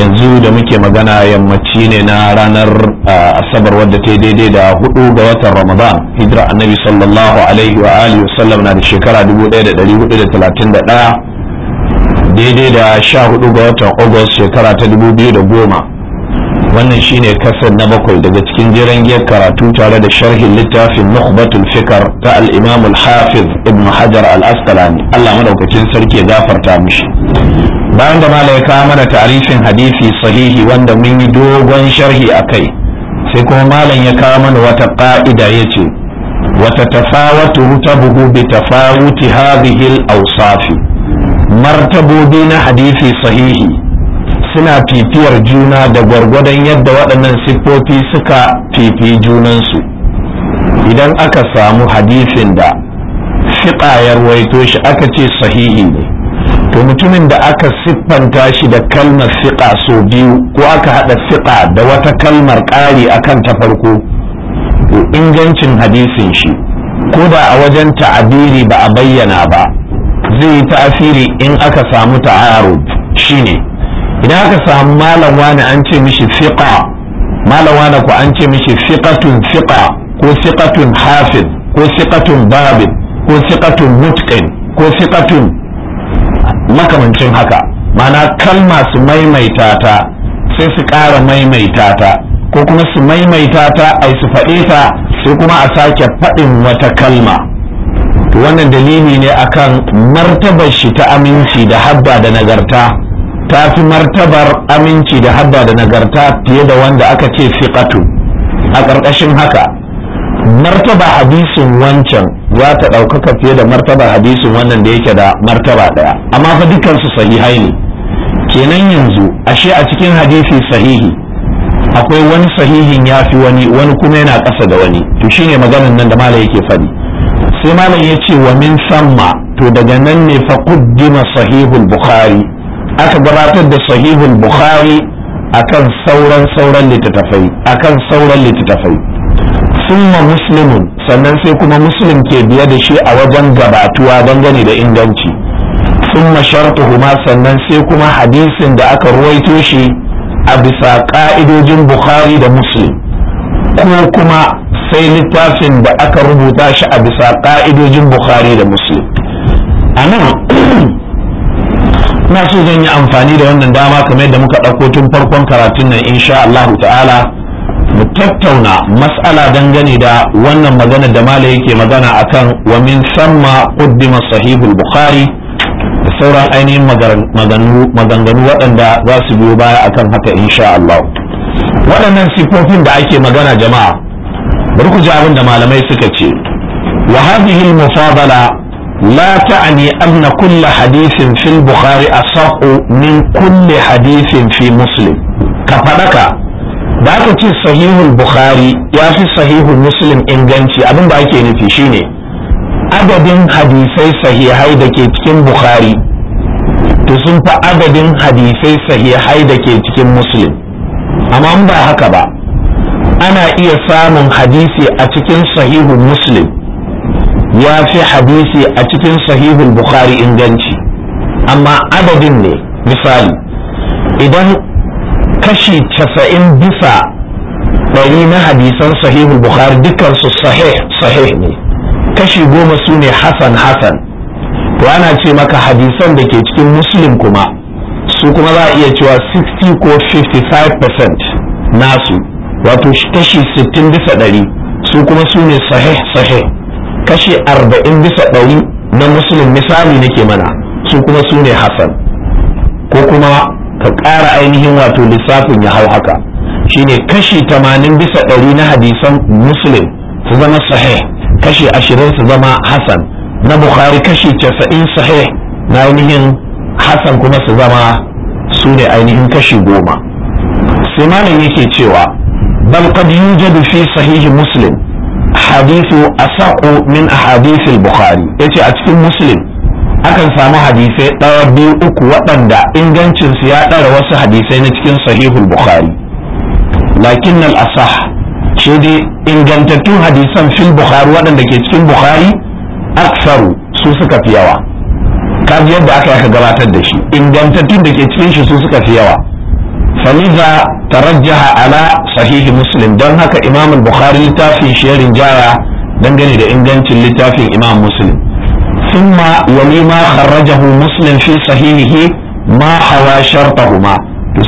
yanzu da muke magana yammaci ne na ranar asabar wadda ta daidai da hudu ga watan ramadan hijira annabi sallallahu alaihi wa alihi wasallam na da shekara 1431 daidai da sha hudu ga watan agust shekara ta 2010 wannan shine kasar na bakwai daga cikin jiran giyar karatu tare da sharhin littafin nukhbatul fikar ta al-imam al-hafiz ibn hajar al-asqalani Allah madaukakin sarki ya gafarta mishi bayan da malai ka mana tarihin hadisi sahihi wanda mun yi dogon sharhi a kai sai kuma malam ya kawo mana wata ƙa'ida ya ce wata tafawatu rutabuhu bi tafawuti hadhihi al-awsafi martabobi na hadisi sahihi suna fifiyar juna da gwargwadon yadda waɗannan siffofi suka fifi junansu idan aka samu hadisin da fiƙa ya ruwaito shi aka ce sahihi ne to mutumin da aka siffanta shi da kalmar siƙa so biyu ko aka haɗa siƙa da wata kalmar ƙari akan ta farko ingancin hadisin shi ko ba a wajen ta'abiri ba a bayyana ba zai yi ta'asiri in aka samu taaro shine idan aka samu malam wani an ce mishi siƙa. malam wani ku an ce mishi siƙatun siƙa. ko siƙatun hafiz ko siƙatun babin ko siƙatun mutkin ko siƙatun. makamancin haka mana kalma su maimaita ta sai su ƙara maimaita ta ko kuma su maimaita ta ai su faɗe ta sai kuma a sake faɗin wata kalma wannan dalili ne akan martabar shi ta aminci da habba da nagarta ta fi martabar aminci da habba da nagarta fiye da wanda aka ce siqatu a ƙarƙashin haka martaba hadisin wancan ya ta ɗaukaka fiye da martaba hadisin wannan da yake da martaba ɗaya amma fa dukansu sahihai ne kenan yanzu ashe a cikin hadisi sahihi akwai wani sahihin ya fi wani wani kuma yana ƙasa da wani to shine maganan nan da malam yake faɗi sai malam ya ce wa min samma to daga nan ne fa quddima sahihul bukhari aka gabatar da sahihul bukhari akan sauran sauran littattafai akan sauran littattafai summa muslimun sannan sai kuma muslim ke biye da shi a wajen gabatuwa dangane da inganci summa huma sannan sai kuma hadisin da aka ruwaito shi a bisa ka'idojin bukhari da muslim ko kuma sai littafin da aka rubuta shi a bisa ka'idojin bukhari da muslim anan na so zan yi amfani da wannan dama kamar yadda muka ɗauko tun farkon karatun nan insha Allah ta'ala mu tattauna mas'ala dangane da wannan magana da mala yake magana akan wa min samma qaddima sahihul bukhari da sauran ainihin maganganu waɗanda za su biyo baya akan haka insha Allah waɗannan sifofin da ake magana jama'a bari ku ji da malamai suka ce wa hadhihi al la لا تعني أن كل حديث في البخاري أصح من كل حديث في مسلم Ba ka ce sahihul bukhari ya fi sahihul muslim inganci abin da ake nufi shine adadin hadisai sahihai da ke cikin bukhari to sun fi adadin hadisai sahihai da ke cikin muslim amma ba haka ba ana iya samun hadisi a cikin sahihul muslim ya fi hadisi a cikin sahihul bukhari inganci amma adadin ne misali idan kashi casa'in bisa ɗari na hadisan sahihul bukhari dukansu sahih sahih ne kashi goma su ne hasan hasan to ana ce maka hadisan da ke cikin muslim kuma su kuma za a iya cewa 60 ko 55% nasu wato kashi 60 bisa ɗari su kuma su ne sahih sahih kashi 40 bisa ɗari na muslim misali nake mana su kuma su ne hasan ko kuma ka ƙara ainihin wato lissafin ya hau haka shine kashi tamanin bisa ɗari na hadisan muslim su zama sahih kashi ashirin su zama hasan na bukhari kashi casa'in sahih na ainihin hasan kuma su zama su ne ainihin kashi goma sai malam yake cewa bal qad yujadu fi sahihi muslim hadithu asaqu min ahadith al-bukhari yace a cikin muslim akan samu hadisai ɗaya biyu uku waɗanda ingancinsu ya ɗara wasu hadisai na cikin sahihul bukhari lakin al asah shi dai ingantattun hadisan fil bukhari waɗanda ke cikin bukhari aksaru su suka fi yawa kaji yadda aka aka gabatar da shi ingantattun da ke cikin shi su suka fi yawa faliza tarajjaha ala sahihi muslim don haka imam bukhari littafin shirin jaya dangane da ingancin littafin imam muslim tumma ثم ولما خرجه مسلم في صحيحه ما حوى شرطهما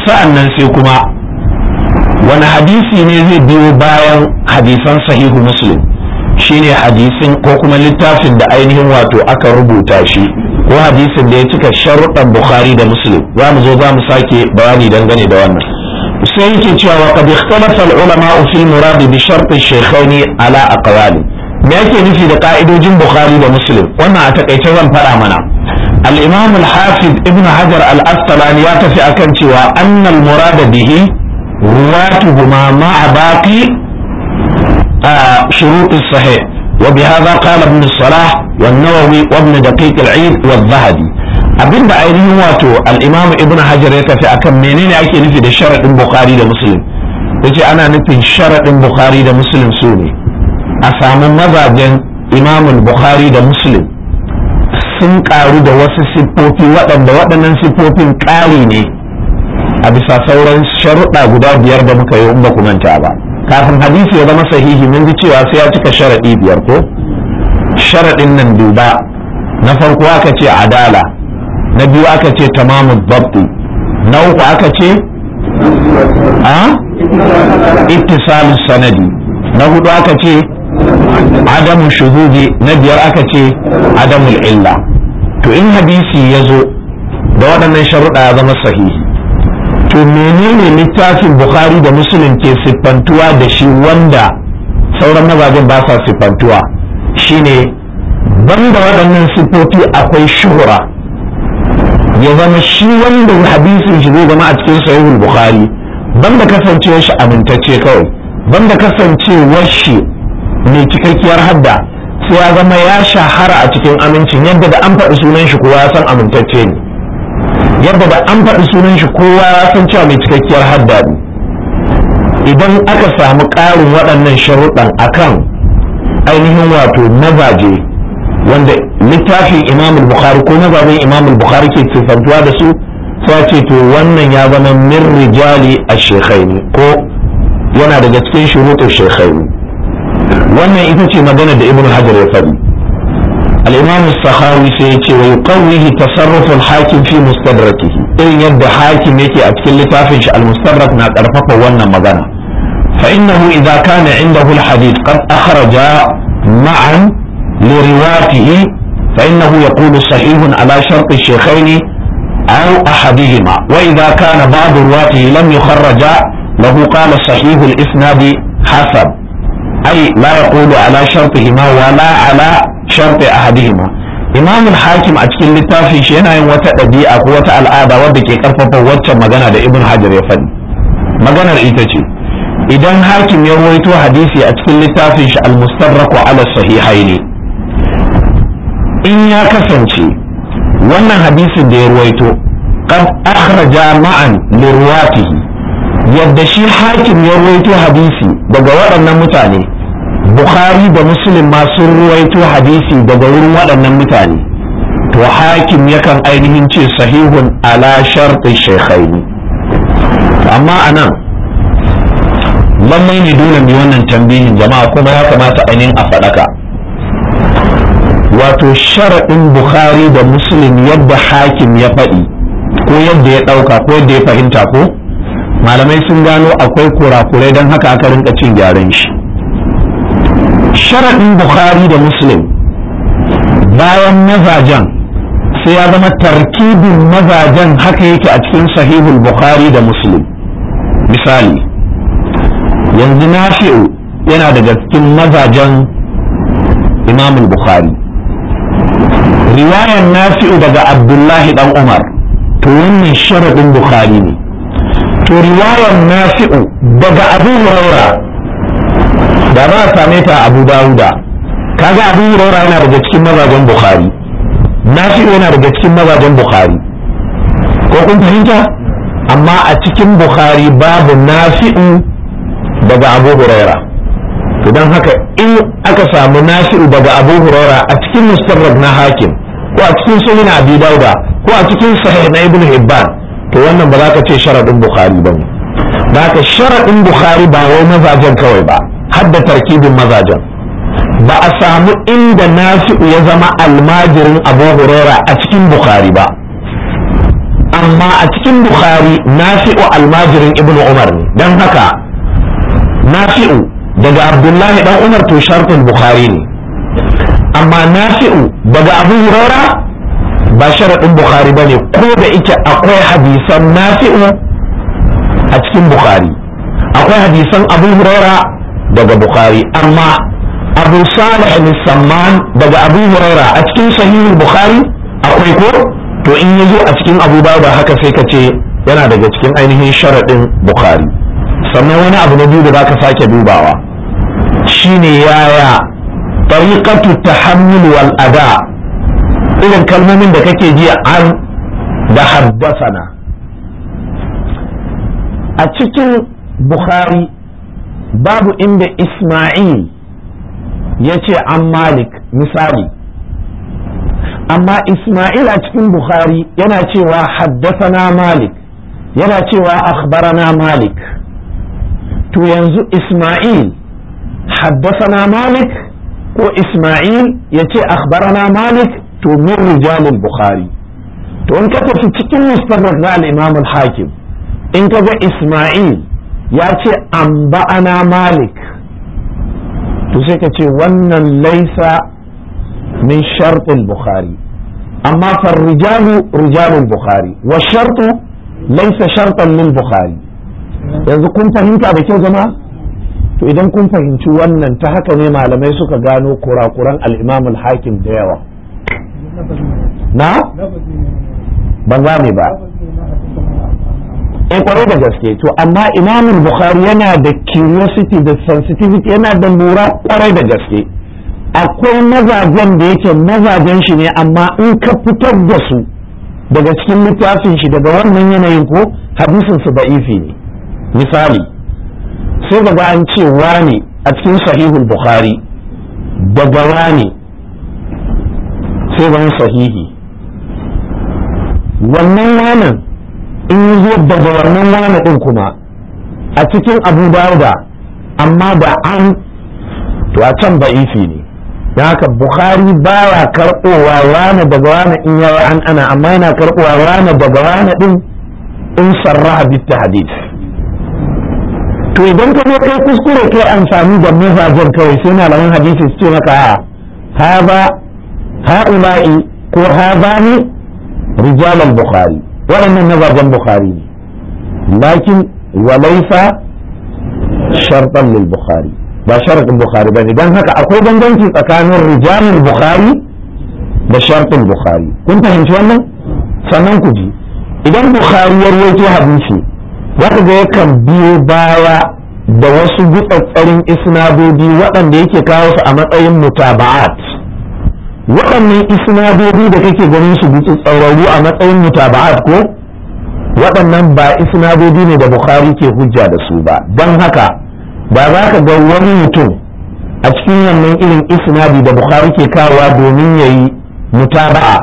sa'annan sai kuma wani hadisi ne zai biyo bayan hadisan sahihu muslim shine hadisin ko kuma littafin da ainihin wato aka rubuta shi ko hadisin da ya cika sharuɗan bukhari da muslim za mu zo za mu sake bayani dangane da wannan sai yake cewa qad ikhtalafa al-ulama fi al-murad bi shart ash-shaykhayn ala aqwali me yake nufi da ka'idojin bukhari da muslim wannan a takaice zan faɗa mana al-imam al ibn hajar al-asqalani ya tafi akan cewa annal murada bihi ruwatuhuma ma'a baqi shurut as-sahih وبهذا قال ابن الصلاح والنووي وابن دقيق العيد والذهبي abin da ainihin wato al'imam ibn hajar ya tafi akan menene ake nufi da sharaɗin bukhari da muslim yace ana nufin sharaɗin bukhari da muslim su a samu mazajen imamun bukhari da muslim sun karu da wasu siffofi waɗanda waɗannan siffofin ƙari ne a bisa sauran sharuɗa guda biyar da muka yi ba kumanta ba kafin hadisi ya zama sahihi mun ji cewa sai ya cika sharaɗi biyar ko sharaɗin nan duba na farko aka ce adala na biyu aka ce tamamu babu na uku aka ce a ah? ittisalus sanadi na hudu aka ce adamu shuhudi na biyar aka ce adamul illa to in hadisi ya zo da waɗannan sharuɗa ya zama sahihi to menene littafin bukhari da musulun ke siffantuwa da shi wanda sauran mazajen ba sa siffantuwa shine banda waɗannan siffofi akwai shuhura ya zama shi wanda hadisin shi zai zama a cikin sahihul bukhari banda kasancewar shi amintacce kawai banda kasancewar shi mai cikakkiyar hadda sai ya zama ya shahara a cikin amincin yadda da an faɗi sunan shi kowa ya san amintacce ne yadda da an faɗi sunan shi kowa ya san cewa mai cikakkiyar hadda ne idan aka samu ƙarin waɗannan sharuɗan a kan ainihin wato mazaje wanda littafin imam bukhari ko mazajen imam bukhari ke sifantuwa da su sai ce to wannan ya zama min rijali a shekhaini ko yana daga cikin shekai shekhaini wannan ita ce magana da ibn hajar ya faɗi al-imam sahawi sai ya ce wa yuqawwihi tasarruf al-hakim fi mustadrakihi irin yadda hakim yake a cikin littafin shi al-mustadrak na karfafa wannan magana fa innahu idza kana indahu al-hadith qad akhraja ma'an li riwayatihi fa innahu yaqulu sahihun ala shart ash-shaykhayn أو أحدهما وإذا كان بعض رواته لم يخرج له قال صحيح الإسناد حسب ai la yaqulu ala shartihima wa la ala sharti ahadihima imam hakim a cikin littafin shi yana yin wata ɗabi'a ko wata al'ada wadda ke karfafa waccan magana da ibn hajar ya faɗi maganar ita ce idan hakim ya ruwaito hadisi a cikin littafin shi al-mustarraku ala sahihaini in ya kasance wannan hadisin da ya ruwaito qad jama'an ma'an li ruwatihi yadda shi hakim ya ruwaito hadisi daga waɗannan mutane bukhari da muslim ma sun ruwaito hadisi daga wurin waɗannan mutane to hakim yakan ainihin ce sahihun ala sharti shekhaini amma anan lallai ne dole mu wannan tambihin jama'a kuma ya kamata ainihin a faɗaka wato sharaɗin bukhari da muslim yadda hakim ya faɗi ko yadda ya ɗauka ko yadda ya fahimta ko malamai sun gano akwai kurakurai don haka aka rinka cin gyaran shi sharaɗin bukhari da muslim bayan mazajen sai ya zama tarkibin mazajen haka yake a cikin sahihul bukhari da muslim misali yanzu nafi'u yana daga cikin mazajen imamul bukhari riwayar nafi'u daga abdullahi dan umar to wannan sharaɗin bukhari ne to riwayar nafi'u daga abu hurairah da ba a same ta abu dawuda kaga abu hurairah yana daga cikin mazajen bukhari nafi'u yana daga cikin mazajen bukhari ko kun fahimta amma a cikin bukhari babu nafi'u daga abu Idan haka in aka samu nafi'u daga abu a cikin mustarrad na hakim ko a cikin sunan abi dauda ko a cikin sahih na ibnu hibban to wannan ba za ka ce sharadin bukhari ba ne ba ka sharadin bukhari ba wai mazajen kawai ba hadda tarkibin mazajen ba a samu inda nafi'u ya zama almajirin abu hurera a cikin bukhari ba amma a cikin bukhari nafi'u almajirin ibnu umar ne don haka nafi'u daga abdullahi dan umar to shartun bukhari ne amma nafi'u daga abu ba sharaɗin bukhari ba ne ko da ike akwai hadisan nafi'u a cikin bukhari akwai hadisan abu daga bukhari amma abu salih bin samman daga abu huraira a cikin sahihul bukhari akwai ko to in ya zo a cikin abu ba haka sai ka ce yana daga cikin ainihin sharaɗin bukhari sannan wani abu na biyu da zaka sake dubawa shine yaya tariqatu tahammul wal ada irin kalmomin da kake ji an da haddasana a cikin bukhari babu inda Ismail ya ce an Malik misali amma Ismail a cikin Bukhari yana cewa haddasana Malik yana cewa akhbarana Malik to yanzu Ismail haddasana Malik ko Ismail ya ce akhbarana Malik to min rijalil Bukhari to in ka tafi cikin mustadrak na al-Imam al-Hakim in ka ga Ismail ya ce an ba'ana malik to sai ka ce wannan laisa min sharɗin bukhari amma farrijalu rijalun bukhari wa sharɗu laisa sharɗan min bukhari yanzu kun fahimta da kyau zama? to idan kun fahimci wannan ta haka ne malamai suka gano kurakuran al al-hakim da yawa na ban gane ba eh kwarai da gaske to amma imam bukhari yana da curiosity da sensitivity yana da lura kwarai da gaske akwai mazajen da yake mazajen shi ne amma in ka fitar da su daga cikin littafin shi daga wannan yanayin ko hadisin su da'ifi ne misali sai daga an ce wani a cikin sahihul bukhari daga wani sai wani sahihi wannan wanan in yi zo da wannan wani ɗin kuma a cikin abu dauda amma da an to a can ba'ifi ne ya haka bukhari ya karɓowa rana daga rana in yawa an ana amma yana karɓowa rana daga rana ɗin in sarraha bitta hadith to idan ka zo kai kuskure kai amfani da mazajen kawai sai malaman hadisi su ce maka a ba ha'ula'i ko ne, rijalan bukhari waɗannan mazajen bukhari ne lakin walaifa sharɗan lil bukhari ba sharaɗin bukhari ba ne don haka akwai bambanci tsakanin rijalul bukhari da sharɗin bukhari kun fahimci wannan sannan ku ji idan bukhari ya rawaito hadisi zaka ga yakan biyo baya da wasu gutsatsarin isnadodi waɗanda yake kawo su a matsayin mutaba'at waɗannan isnadodi da kake ganin su tsauraru a matsayin mutaba'at ko waɗannan ba isnadodi ne da bukhari ke hujja da su ba don haka ba za ka ga wani mutum a cikin wannan irin isnadi da bukhari ke kawowa domin ya yi mutaba'a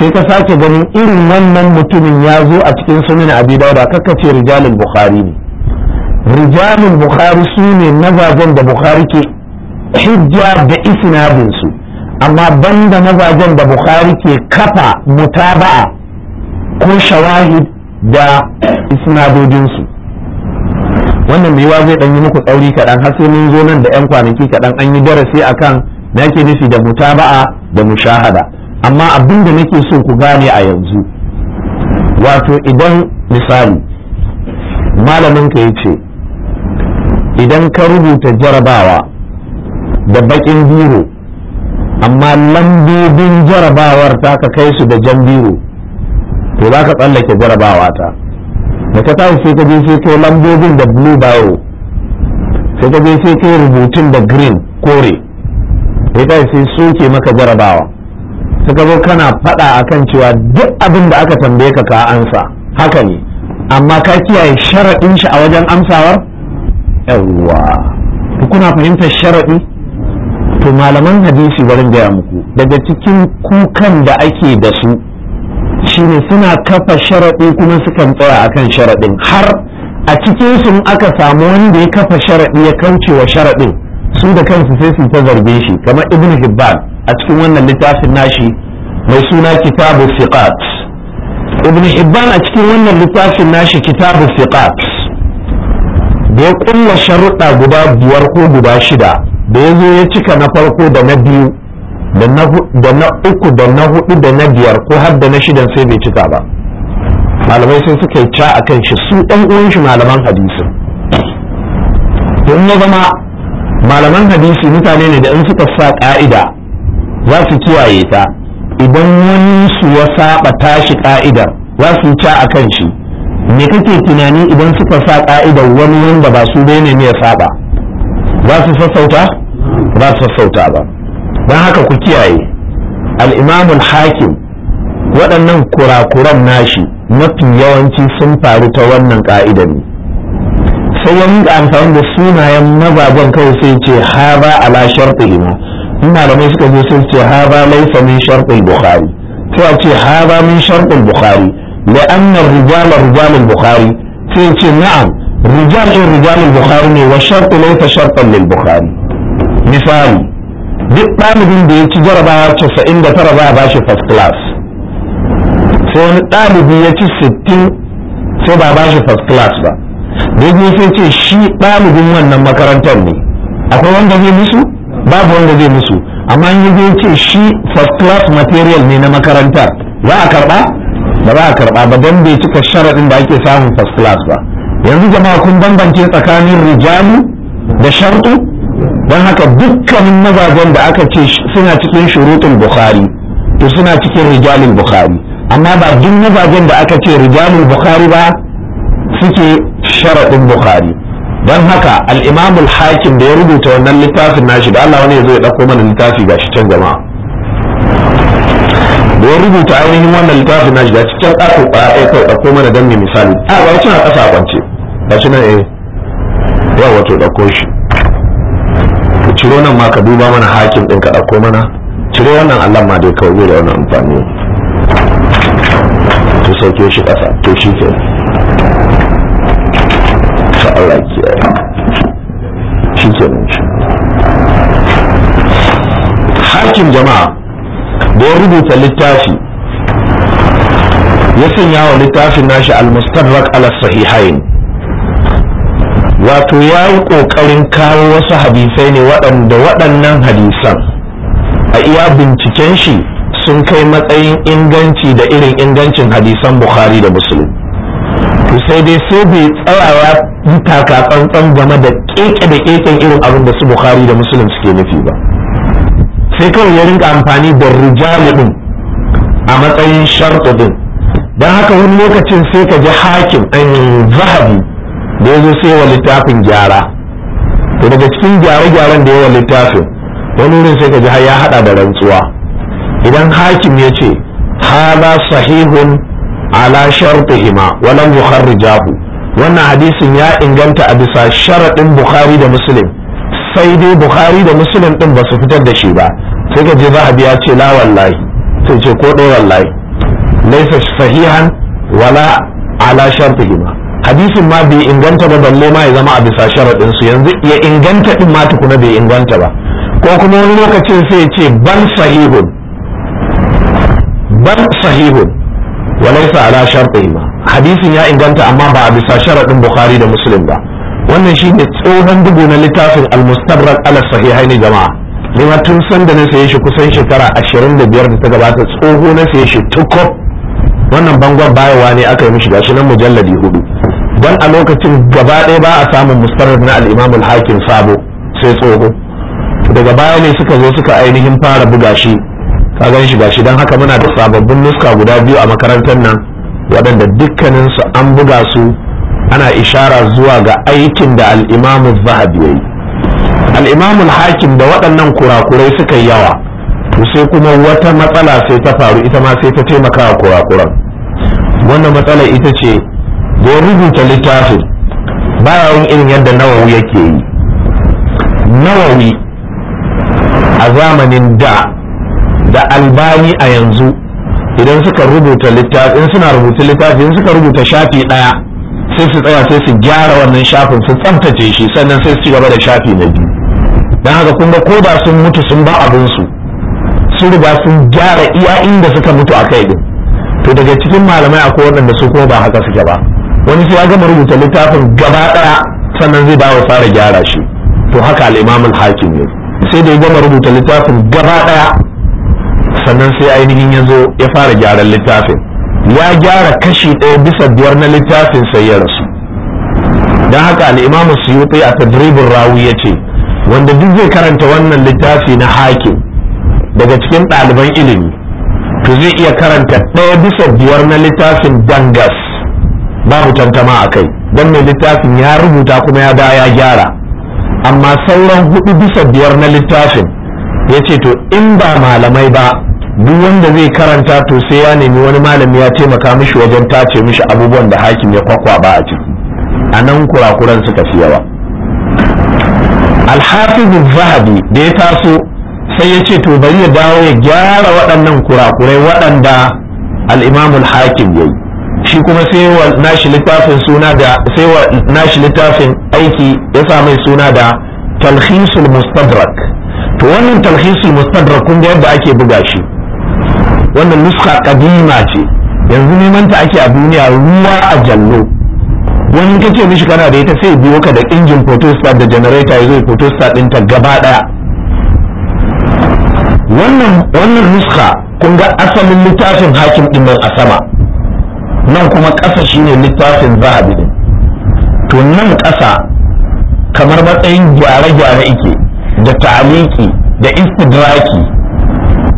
sai ka sake ganin irin wannan mutumin ya zo a cikin sunan abi dauda kakkace rijalin bukhari ne rijalin bukhari su ne mazajen da bukhari ke hujja da isnadinsu amma banda mazajen da bukhari ke kafa mutaba'a ko shawahid da isnadodinsu wannan mai zai dan yi muku tsauri kaɗan har sai mun zo nan da yan kwanaki kaɗan an yi darasi a kan na yake nufi da mutaba'a da mushahada amma abin da nake so ku gane a yanzu wato idan misali malamin ka ce idan ka rubuta jarabawa da bakin biro amma lambobin jarabawar ta ka kai su da jan biro to za ka tsallake jarabawa ta da ka tashi sai ka je sai kai lambobin da blue bio sai ka je sai kai rubutun da green kore sai ka sai soke maka jarabawa suka zo kana faɗa kan cewa duk abin da aka tambaye ka ka ansa haka ne amma ka kiyaye sharaɗin shi a wajen amsawar yawwa kuna fahimtar sharaɗi malaman hadisi barin gaya muku daga cikin kukan da ake da su shine suna kafa sharaɗi kuma sukan tsaya akan sharaɗin har a cikin sun aka samu wanda ya kafa sharaɗi ya kauce wa sharaɗin su da kansu sai su ta zarge shi kamar ibn hibban a cikin wannan littafin nashi mai suna kitabu siqat ibn hibban a cikin wannan littafin nashi kitabu siqat da ya kulla sharuɗa guda biyar ko guda shida da ya zo ya cika na farko da na biyu da na uku da na hudu da na biyar ko har da na shidan sai bai cika ba malamai sai suka yi ca akan shi su ɗan uwan shi malaman hadisi don ya zama malaman hadisi mutane ne da in suka sa ƙa'ida za su kiyaye ta idan wani su ya saba tashi ƙa'idar za su yi ca akan shi me kake tunani idan suka sa ƙa'idar wani wanda ba su bai ne ya saba za su sassauta ba su sauta ba don haka ku kiyaye al'imamul hakim waɗannan kurakuran nashi mafi yawanci sun faru ta wannan ƙa'idar ne sai wani miƙa amfani da sunayen mazajen kawai sai ce haza ala sharɗi ima malamai suka je sai ce haza laifa min sharɗin bukhari sai a ce haza min sharɗin bukhari لأن الرجال رجال البخاري في نعم Bukhari ne wa والشرط ليس شرطا للبخاري misali duk ɗalibin da ya ci jarabawa casa'in da tara za a ba shi first class sai wani ɗalibi ya ci sittin sai ba ba shi first class ba ya sai ce shi ɗalibin wannan makarantar ne akwai wanda zai musu babu wanda zai musu amma in zai ce shi first class material ne na makarantar za a karɓa ba za a karɓa ba don bai cika sharaɗin da ake samun first class ba yanzu jama'a kun bambance tsakanin rijalu da shartu don haka dukkanin mazajen da aka ce suna cikin shurutul bukhari to suna cikin rijalul bukhari amma ba duk mazajen da aka ce rijalul bukhari ba suke sharaɗin bukhari don haka al'imamul hakim da ya rubuta wannan littafin nashi da Allah wani ya zo ya ɗauko mana littafi ga shi can jama'a da ya rubuta ainihin wannan littafin nashi da cikin ɗakin ƙwaya kawai ɗauko mana don misali a ba wacin a ƙasa a kwance ba shi na eh yawa wato ɗauko shi ciro nan ma ka duba mana hakim ɗin ka ɗauko mana ciro wannan allah ma dai kawai da wannan amfani ta sauke shi ƙasa to shi ke ta allah kiyaye shi ke nan shi hakim jama'a da ya rubuta littafi ya sanya wa littafin nashi al-mustarrak ala sahihain wato ya yi ƙoƙarin kawo wasu hadisai ne waɗanda waɗannan hadisan a iya binciken shi sun kai matsayin inganci da irin ingancin hadisan bukhari da musulun to sai dai sai bai tsayawa yi taka tsantsan game da keke da keken irin abin da su bukhari da musulun suke nufi ba sai kawai ya rinka amfani da rijali ɗin a matsayin shartu ɗin, don haka wani lokacin sai ka ji hakim an eh, zahabi da ya zo sai wa littafin gyara to daga cikin gyare-gyaren da yawa littafin wani wurin sai ka ji ya hada da rantsuwa idan hakim ya ce hala sahihun ala shartihima walam yukharrijahu wannan hadisin ya inganta a bisa sharaɗin bukhari da muslim sai dai bukhari da muslim din ba su fitar da shi ba sai ka ji zahabi ya ce la wallahi sai ce ko ɗaya wallahi laisa sahihan wala ala shartihima hadisin ma bai inganta ba balle ma ya zama a bisa sharaɗin su yanzu ya inganta din ma tukuna bai inganta ba ko kuma wani lokacin sai ya ce ban sahihun ban sahihun walaisa ala sharɗi ma hadisin ya inganta amma ba a bisa sharaɗin bukhari da muslim ba wannan shine tsohon dubu na littafin almustarrak mustabrak sahihai sahihaini jama'a ni ma tun san da na saye shi kusan shekara ashirin da biyar da ta gabata tsoho na saye shi tukop wannan bangon bayawa ne aka yi mishi gashi nan mujalladi hudu don a lokacin gaba ɗaya ba a samun mustarar na al'imamul hakim sabo sai tsoho daga baya ne suka zo suka ainihin fara buga shi ka gan shi gashi don haka muna da sababbin nuska guda biyu a makarantar nan waɗanda dukkaninsu an buga su ana ishara zuwa ga aikin da al'imamu zahabi ya yi al'imamul hakim da waɗannan kurakurai suka yi yawa to sai kuma wata matsala sai ta faru ita ma sai ta taimaka kurakuran wannan matsala ita ce da rubuta littafin ba yin irin yadda nawawi yake yi nawawi a zamanin da da albani a yanzu idan suka rubuta littafi in suna rubuta littafi suka rubuta shafi daya sai su tsaya sai su gyara wannan shafin su tsaftace shi sannan sai su ci gaba da shafi na biyu don haka kun ko da sun mutu sun ba abin su sun riga sun gyara iya inda suka mutu a kai din to daga cikin malamai akwai waɗanda su kuma ba haka suke ba wani sai ya gama rubuta littafin gaba daya sannan zai dawo fara gyara shi to haka al hakim ne sai da ya gama rubuta littafin gaba daya sannan sai ainihin ya zo ya fara gyaran littafin ya gyara kashi ɗaya bisa biyar na littafin sai ya rasu don haka al-imam suyuti a tadribin rawi ya ce wanda duk zai karanta wannan littafi na hakim daga cikin ɗaliban ilimi to zai iya karanta ɗaya bisa biyar na littafin dangas babu tantama a kai don mai littafin ya rubuta kuma ya ba ya gyara amma sauran hudu bisa biyar na littafin ya ce to in ba malamai ba duk wanda zai karanta to sai ya nemi wani malami ya taimaka mishi wajen tace mishi abubuwan da hakim ya kwakwa ba a ciki a nan kurakuran suka fi yawa alhafizu zahabi da ya taso sai ya ce to bari ya dawo ya gyara waɗannan kurakurai waɗanda al'imamul hakim ya shi kuma sai wa nashi littafin suna da sai wa nashi littafin aiki ya sa mai suna da talhisul mustadrak to wannan talhisul mustadrak kun ga yadda ake buga shi wannan nuska kadima ce yanzu neman ta ake a duniya ruwa a jallo wani ka ce mishi kana da ita sai biyo ka da injin photostat da generator ya zo photostat ta gaba ɗaya wannan wannan nuska kun ga asalin littafin hakim ɗin nan a sama nan kuma ƙasa shine littafin zahabi din to nan ƙasa kamar matsayin gyare-gyare ike da taliki da istidraki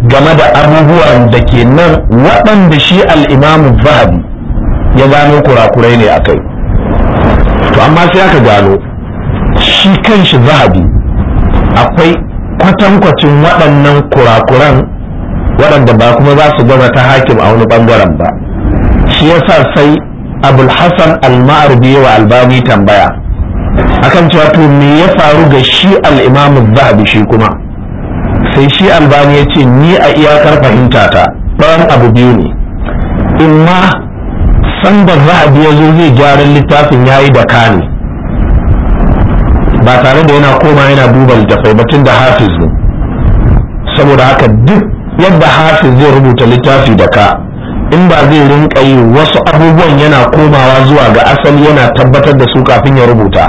game da abubuwan da ke nan waɗanda shi al'imamu zahabi ya gano kurakurai ne a kai to amma sai aka gano shi kanshi zahabi akwai kwatankwacin waɗannan kurakuran waɗanda ba kuma za su gaza ta hakim a wani ɓangaren ba shi yasa sai abulhassan hasan al-ma'arbi wa albani tambaya akan cewa to me ya faru ga shi al-imam zahabi shi kuma sai shi albani ya ce ni a iyakar fahimta ta ɗan abu biyu ne imma da zahabi ya zo zai gyara littafin yayi da kani ba tare da yana koma yana duba littafai batun da hafiz ne saboda haka duk yadda hafiz zai rubuta littafi da ka in ba zai rinka yi wasu abubuwan yana komawa zuwa ga asali yana tabbatar da su kafin ya rubuta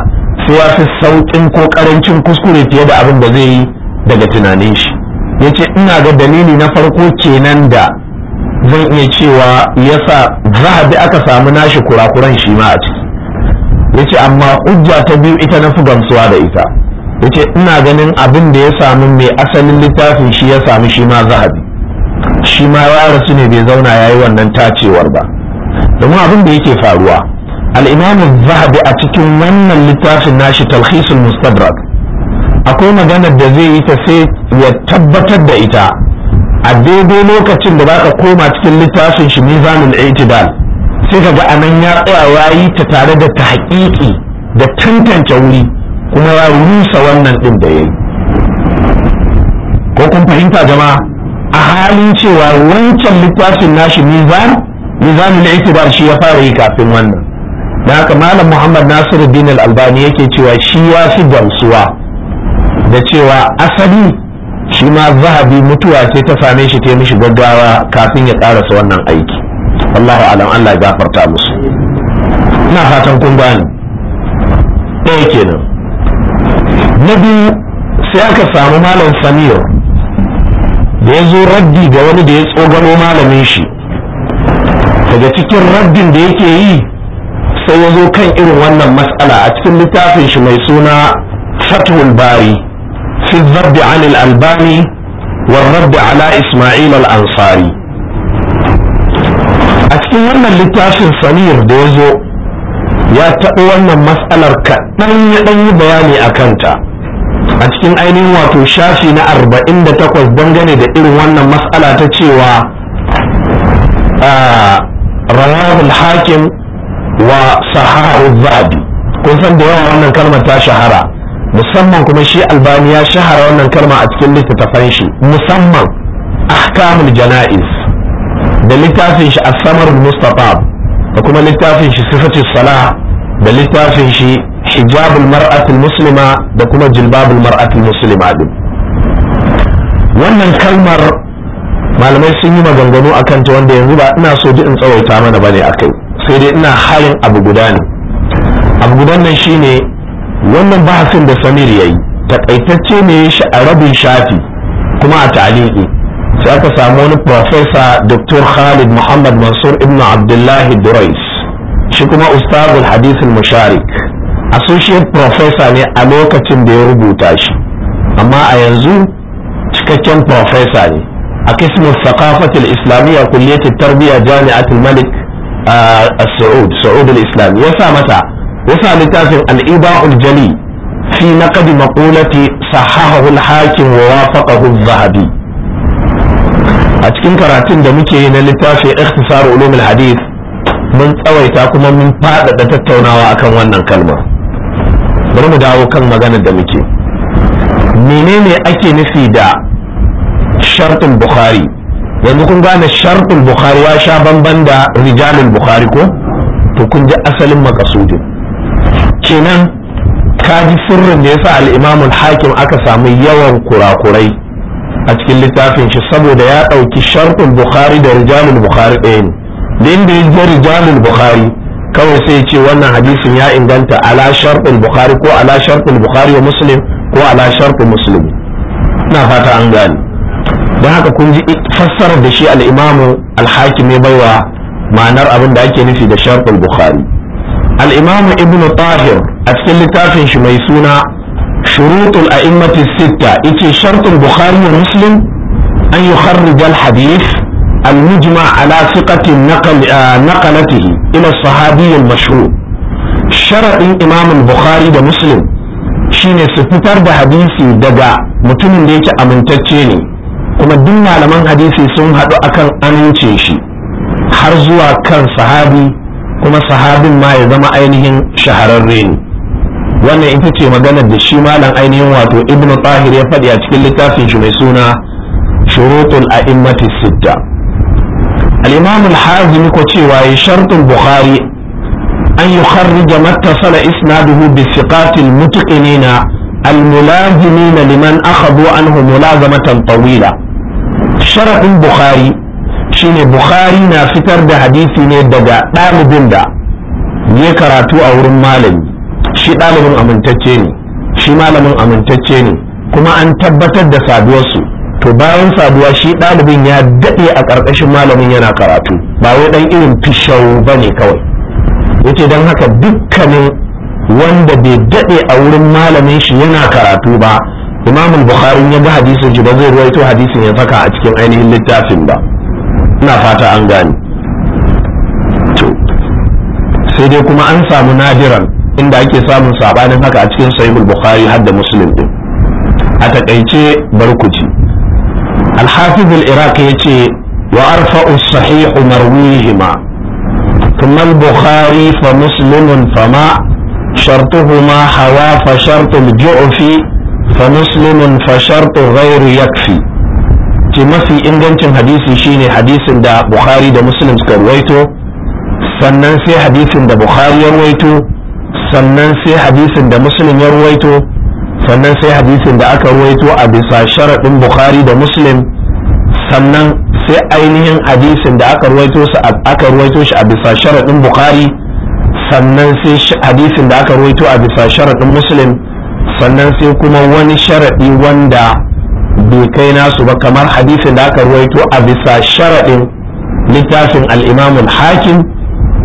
sai ya sauƙin ko ƙarancin kuskure fiye da abin da zai yi daga tunanin shi ya ce ina ga dalili na farko kenan da zan iya cewa yasa zahabi aka samu nashi kurakuran shi ma a ciki ya ce amma hujja ta biyu ita na fi gamsuwa da ita ya ce ina ganin abin da ya samu mai asalin littafin shi ya samu shi ma zahabi shi ma ya rasu ne bai zauna ya yi wannan tacewar ba domin abin da yake faruwa al'imamin zahabi a cikin wannan littafin nashi talhisul mustadrak akwai maganar da zai yi ta sai ya tabbatar da ita a daidai lokacin da baka koma cikin littafin shi mizanul itidal sai ka ga anan ya tsaya yi ta tare da tahqiqi da tantance wuri kuma ya rusa wannan din da yayi ko kun fahimta jama'a a halin cewa wancan littafin nashi mizan mizanul itibar shi ya fara yi kafin wannan da haka malam muhammad nasiruddin al-albani yake cewa shi ya fi gamsuwa da cewa asali shi ma zahabi mutuwa ce ta same shi ta mishi gaggawa kafin ya karasa wannan aiki wallahu alam Allah ya gafarta musu ina fatan kun ɗaya kenan na biyu sai aka samu malam samir da ya zo raddi wani da ya tsogano malamin shi daga cikin raddin da yake yi sai ya zo kan irin wannan matsala a cikin littafin shi mai suna fatul bari fi zarbi anil albani wa rabbi ala ismail al ansari a cikin wannan littafin samir da ya zo ya taɓa wannan matsalar kaɗan ya ɗan yi bayani a kanta a cikin ainihin wato shafi na 48 dangane da irin wannan mas'ala ta cewa rawahul hakim wa sahahu zahabi kun san da yawa wannan kalmar ta shahara musamman kuma shi albani ya shahara wannan kalma a cikin littattafan shi musamman ahkamul jana'iz da littafin shi asamar mustapha da kuma littafin shi sifatis sala da littafin shi hijabul mar'atul muslima da kuma jilbabul mar'atul muslima ɗin wannan kalmar malamai sun yi maganganu a kanta wanda yanzu ba ina so ji in tsawaita mana bane akai sai dai ina halin abu guda ne abu gudan nan shine wannan bahasin da samir yayi takaitacce ne shi a rabin shafi kuma a ta'aliki sai aka samu wani profesa dr khalid muhammad mansur ibn abdullahi durais shi kuma ustazul hadisin musharik associate professor ne a lokacin da ya rubuta shi amma a yanzu cikakken professor ne a kismin sakafatul islamiyya kulliyatul tarbiyya jami'atul malik a saud sa'udul islam ya sa mata ya sa littafin al-iba'ul jali fi naqdi maqulati sahahahu al-hakim wa wafaqahu zahabi a cikin karatun da muke yi na littafin ikhtisar ulumul al-hadith mun tsawaita kuma mun faɗaɗa tattaunawa akan wannan kalmar bari mu dawo kan maganar da muke menene ake nufi da shartin bukhari yanzu kun gane shartin bukhari ya sha bamban da rijalin bukhari ko to kun ji asalin makasudin kenan ka ji sirrin da yasa al hakim aka samu yawan kurakurai a cikin littafin shi saboda ya ɗauki shartin bukhari da rijalin bukhari ɗaya ne da inda ya je rijalin bukhari kawai sai ce wannan hadisin ya inganta ala sharɗin bukhari ko ala sharɗin bukhari wa muslim ko ala sharɗin muslim na fata an gane don haka kun ji fassarar da shi al'imamu alhakimai baiwa ma'anar abin da ake nufi da sharɗin bukhari al'imamu ibn tahir a cikin littafin shi mai suna shurutul a'immati sitta yace sharɗin bukhari wa muslim an yukharrijal hadith المجمع على ثقة نقل نقلته إلى الصحابي المشهور شرط إمام البخاري ده مسلم shine su fitar da hadisi daga mutumin da yake amintacce ne kuma duk malaman hadisi sun haɗu akan amince shi har zuwa kan sahabi kuma sahabin ma ya zama ainihin shahararre ne wannan ita ce maganar da shi malam ainihin wato ibnu tahir ya faɗi a cikin littafin shi mai suna shurutul a'immati sitta al-imam al-hazimi ko cewa ya shartul bukhari an yukharrija mattasala isnaduhu bi siqatil mutqinina liman لمن أخذوا عنه ملازمة طويلة شرط البخاري شيني بخاري نافتر ده حديثي ندى ɗalibin da ya karatu a wurin malami shi ɗalibin amintacce ne shi malamin amintacce ne kuma an tabbatar da saduwarsu to bayan saduwa shi ɗalibin ya daɗe a ƙarƙashin malamin yana karatu ba wai ɗan irin fishau ba ne kawai yace don haka dukkanin wanda bai daɗe a wurin malamin shi yana karatu ba imam bukhari ya ga hadisin shi ba zai ruwaito hadisin ya saka a cikin ainihin littafin ba ina fata an gane sai dai kuma an samu nadiran inda ake samun sabanin haka a cikin sahihul bukhari har da muslim din a takaice barkuci الحافظ العراقي يتي وأرفع الصحيح مرويهما ثم البخاري فمسلم فما شرطهما حوا فشرط الجعف فمسلم فشرط غير يكفي ce mafi ingancin hadisi shine hadisin da bukhari da muslim suka ruwaito sannan sai hadisin da bukhari ya ruwaito sannan sai hadisin da muslim ya ruwaito sannan sai hadisin da aka ruwaito a bisa sharaɗin bukhari da muslim sannan sai ainihin hadisin da aka ruwaito aka ruwaito shi a bisa sharaɗin bukhari sannan sai hadisin da aka ruwaito a bisa sharaɗin muslim sannan sai kuma wani sharaɗi wanda bai kai nasu ba kamar hadisin da aka ruwaito a bisa sharaɗin littafin al-imam hakim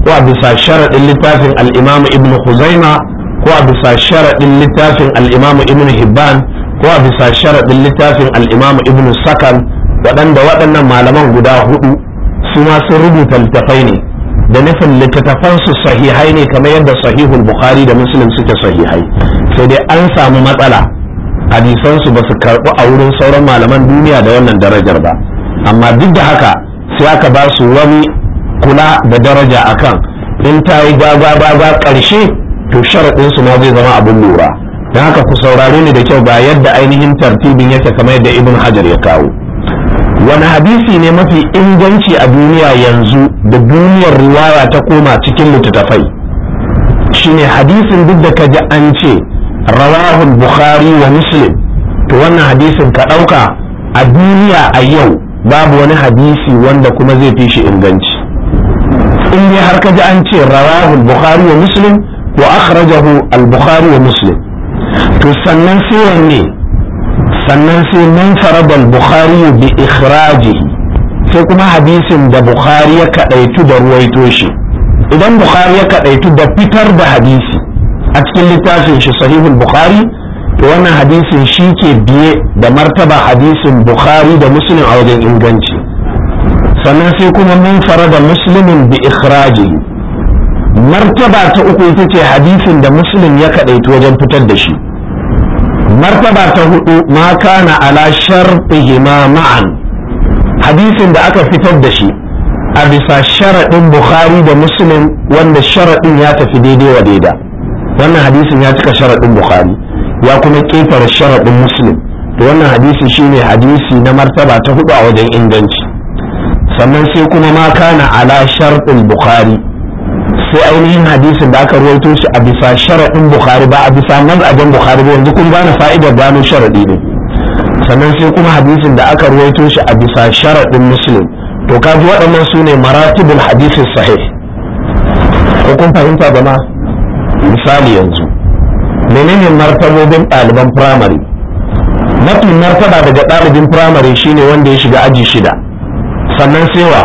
ko a bisa sharaɗin littafin al-imam ibn khuzaima ko a bisa sharaɗin littafin al'imamu ibn hibban ko a bisa sharaɗin littafin al'imamu ibn sakan waɗanda waɗannan malaman guda hudu su ma sun rubuta littafai ne da nufin littattafansu sahihai ne kamar yadda sahihul bukhari da muslim suke sahihai sai dai an samu matsala hadisansu ba su karɓi a wurin sauran malaman duniya da wannan darajar ba amma duk da haka sai aka ba su wani kula da daraja akan in ta yi gaba gaba ƙarshe to sharaɗin ma zai zama abin lura don haka ku saurare ni da kyau ba yadda ainihin tartibin yake kamar yadda ibn hajar ya kawo wani hadisi ne mafi inganci a duniya yanzu da duniyar riwaya ta koma cikin littattafai shine hadisin duk da ka ji an ce rawahul bukhari wa muslim to wannan hadisin ka ɗauka a duniya a yau babu wani hadisi wanda kuma zai fi shi inganci in dai har ka ji an ce rawahul bukhari wa muslim wa akhrajahu al-bukhari wa muslim to sannan sai wanne sannan sai man farada al-bukhari bi ikhrajihi sai kuma hadisin da bukhari ya kadaitu da ruwaito shi idan bukhari ya kadaitu da fitar da hadisi a cikin littafin shi sahihul bukhari to wannan hadisin shi ke biye da martaba hadisin bukhari da muslim a wajen inganci sannan sai kuma mun fara da muslimin bi ikhrajihi martaba ta uku ita ce hadisin da muslim ya kadaito wajen fitar da shi martaba ta hudu ma kana ala shartihima ma'an hadisin da aka fitar da shi a bisa sharaɗin bukhari da muslim wanda sharaɗin ya tafi daidai wa daida wannan hadisin ya cika sharaɗin bukhari ya kuma kefara sharaɗin muslim to wannan hadisi shine hadisi na martaba ta hudu a wajen inganci sannan sai kuma ma kana ala sharɗin bukhari sai ainihin hadisin da aka ruwaito shi a bisa sharaɗin bukhari ba a bisa mazhabin bukhari ba yanzu kun gane fa'idar gano sharaɗi ne sannan sai kuma hadisin da aka ruwaito shi a bisa sharaɗin muslim to kaji waɗannan su ne maratibul hadisin sahih ko kun fahimta ba ma misali yanzu menene martabobin ɗaliban firamare mafi martaba daga ɗalibin firamare shine wanda ya shiga aji shida sannan sewa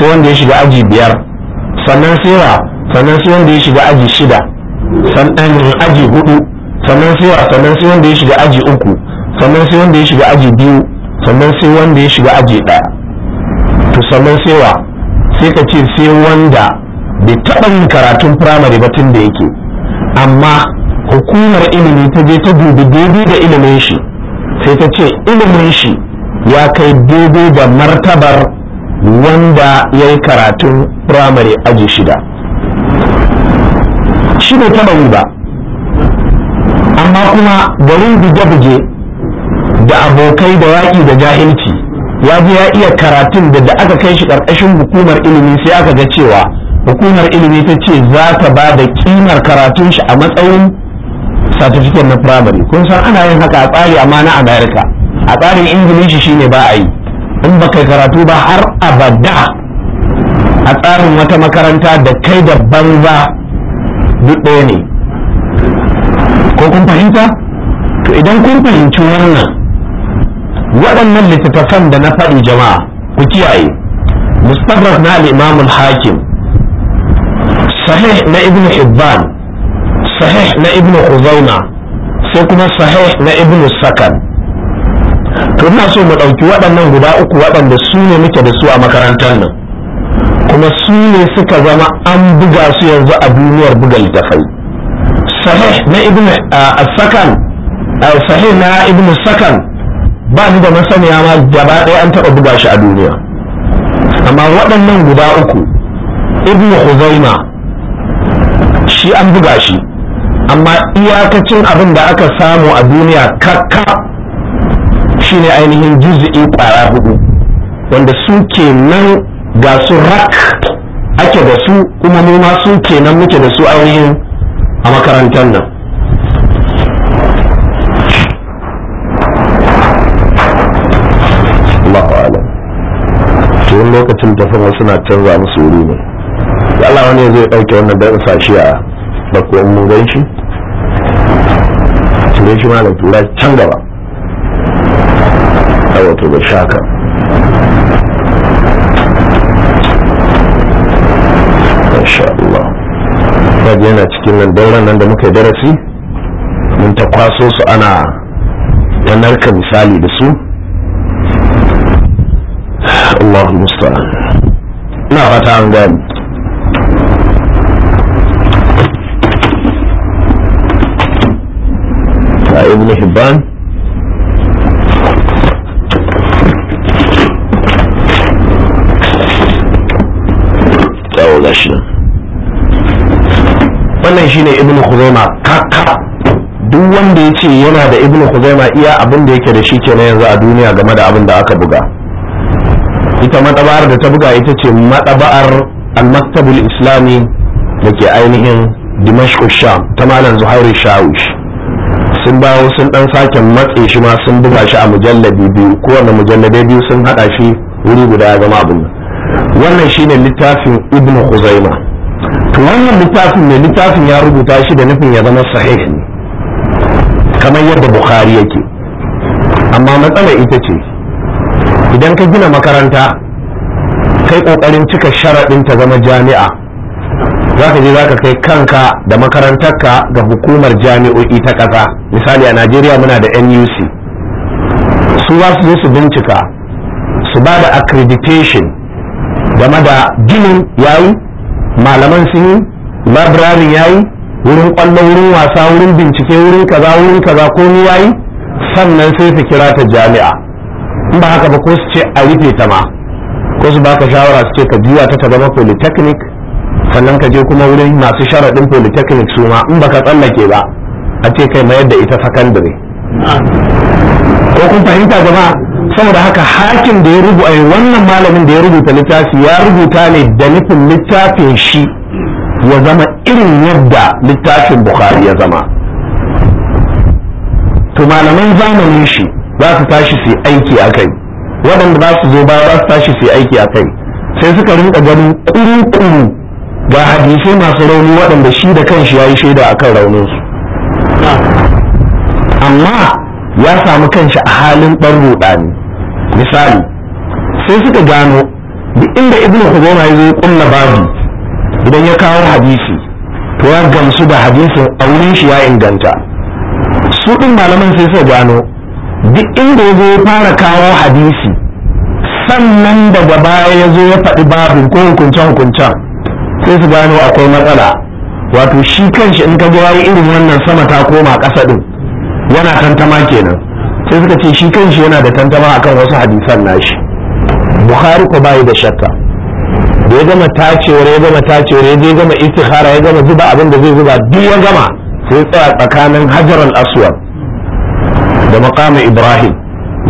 sai wanda ya shiga aji biyar sannan sewa sannan sai wanda ya shiga aji shida sannan aji hudu sannan sai sannan sai wanda ya shiga aji uku sannan sai wanda ya shiga aji biyu sannan sai wanda ya shiga aji daya to sannan sai wa sai ka ce sai wanda bai taɓa yin karatun firamare ba tun da yake amma hukumar ilimi ta je ta dubi daidai da ilimin shi sai ta ce ilimin shi ya kai daidai da martabar wanda ya yi karatun firamare aji shida shi ne bari ba amma kuma garin buge-buge da abokai da yaƙi da jahilci ya je ya iya karatun da da aka kai shi ƙarƙashin hukumar ilimi sai aka ga cewa hukumar ilimi ta ce za ta ba da kimar karatun shi a matsayin certificate na firamare. kun san ana yin haka a tsari amma na america a tsarin ingilishi shine ba a yi in ba kai karatu ba har abada a tsarin wata makaranta da kai da banza duk ɗaya ne ko kun fahimta to idan kun fahimci wannan waɗannan littattafan da na faɗi jama'a ku kiyaye mustadrak na al hakim sahih na ibn hibban sahih na ibn huzauna sai kuma sahih na ibn sakan to ina so mu ɗauki waɗannan guda uku waɗanda su ne muke da su a makarantar nan kuma su ne suka zama an buga su yanzu a duniyar buga littafai sahih na ibn sakan sahih na ibn sakan ba ni da masaniya ma gaba ɗaya an taɓa buga shi a duniya amma waɗannan guda uku ibn huzaima shi an buga shi amma iyakacin abin da aka samu a duniya kakka shine ainihin juz'i ƙwara hudu wanda suke nan ga su rak ake da su kuma mu ma su kenan muke da su ainihin a makarantar nan wani lokacin da wasu suna canza musu wuri ne Allah wani zai ɗauke wannan da isa a bakon in mun gan shi cire shi malam tura can gaba a wato da shaka ji yana cikin nan dauran nan da muka darasi mun ta kwaso su ana yanar ka misali da su Allah musta'an ina fata an gani ta ibn hibban shi nan wannan shine ibnu khuzaima kakka duk wanda ya ce yana da ibnu khuzaima iya abin da yake da shi kenan yanzu a duniya game da abin da aka buga ita madaba'ar da ta buga ita ce madaba'ar al-maktabul islami da ke ainihin dimashq sham ta malam zuhairu shawish sun bawo sun dan sake matse shi ma sun buga shi a mujallabi biyu kowane mujallabi biyu sun hada shi wuri guda ya zama abin wannan shine littafin ibnu khuzaima to wannan littafin mai littafin ya rubuta shi da nufin ya zama sahih kamar yadda bukhari yake amma matsala ita ce idan ka gina makaranta kai kokarin cika sharaɗin ta zama jami'a za ka je za ka kai kanka da makarantarka ga hukumar jami'o'i ta ƙasa misali a najeriya muna da nuc su za su zo su bincika su ba da accreditation game da ginin yayi malaman sun yi labirarin ya yi wurin kwallo wurin wasa wurin bincike wurin kaza wurin kaza ko ya yi sannan sai su kira ta jami'a in ba haka ba ko su ce a rufe ta ma ko su baka shawara su ce ka juya ta ta zama polytechnic sannan ka je kuma wurin masu sharaɗin polytechnic su ma in ka tsallake ba a ce kai mayar da ita secondary ko kun fahimta jama'a saboda haka hakin da ya rubuta wannan malamin da ya rubuta littafi ya rubuta ne da nufin littafin shi ya zama irin yadda littafin bukhari ya zama to malaman zamanin shi za su tashi su aiki a kai waɗanda za su zo baya za su tashi su aiki a kai sai suka rinka ganin kuru ga hadisai masu rauni waɗanda shi da kanshi ya yi shaida a kan rauninsu amma ya samu kanshi a halin ɗan ruɗani misali sai suka gano duk inda ibnu huzaima ya zo ya babu idan ya kawo hadisi to ya gamsu da hadisin a wurin shi ya inganta su ɗin malaman sai suka gano duk inda ya zo ya fara kawo hadisi sannan daga baya ya zo ya faɗi Babu ko hukuncen hukuncen sai su gano akwai matsala wato shi kanshi in ka ga yayi irin wannan sama ta koma ƙasa ɗin yana tantama kenan sai suka ce shi kanshi yana da tantama akan wasu hadisan nashi bukhari ko bai da shakka da ya gama tacewar ya gama tacewar ya je gama istikhara ya gama zuba abin da zai zuba duk ya gama sai tsaya tsakanin hajar aswad da maqama ibrahim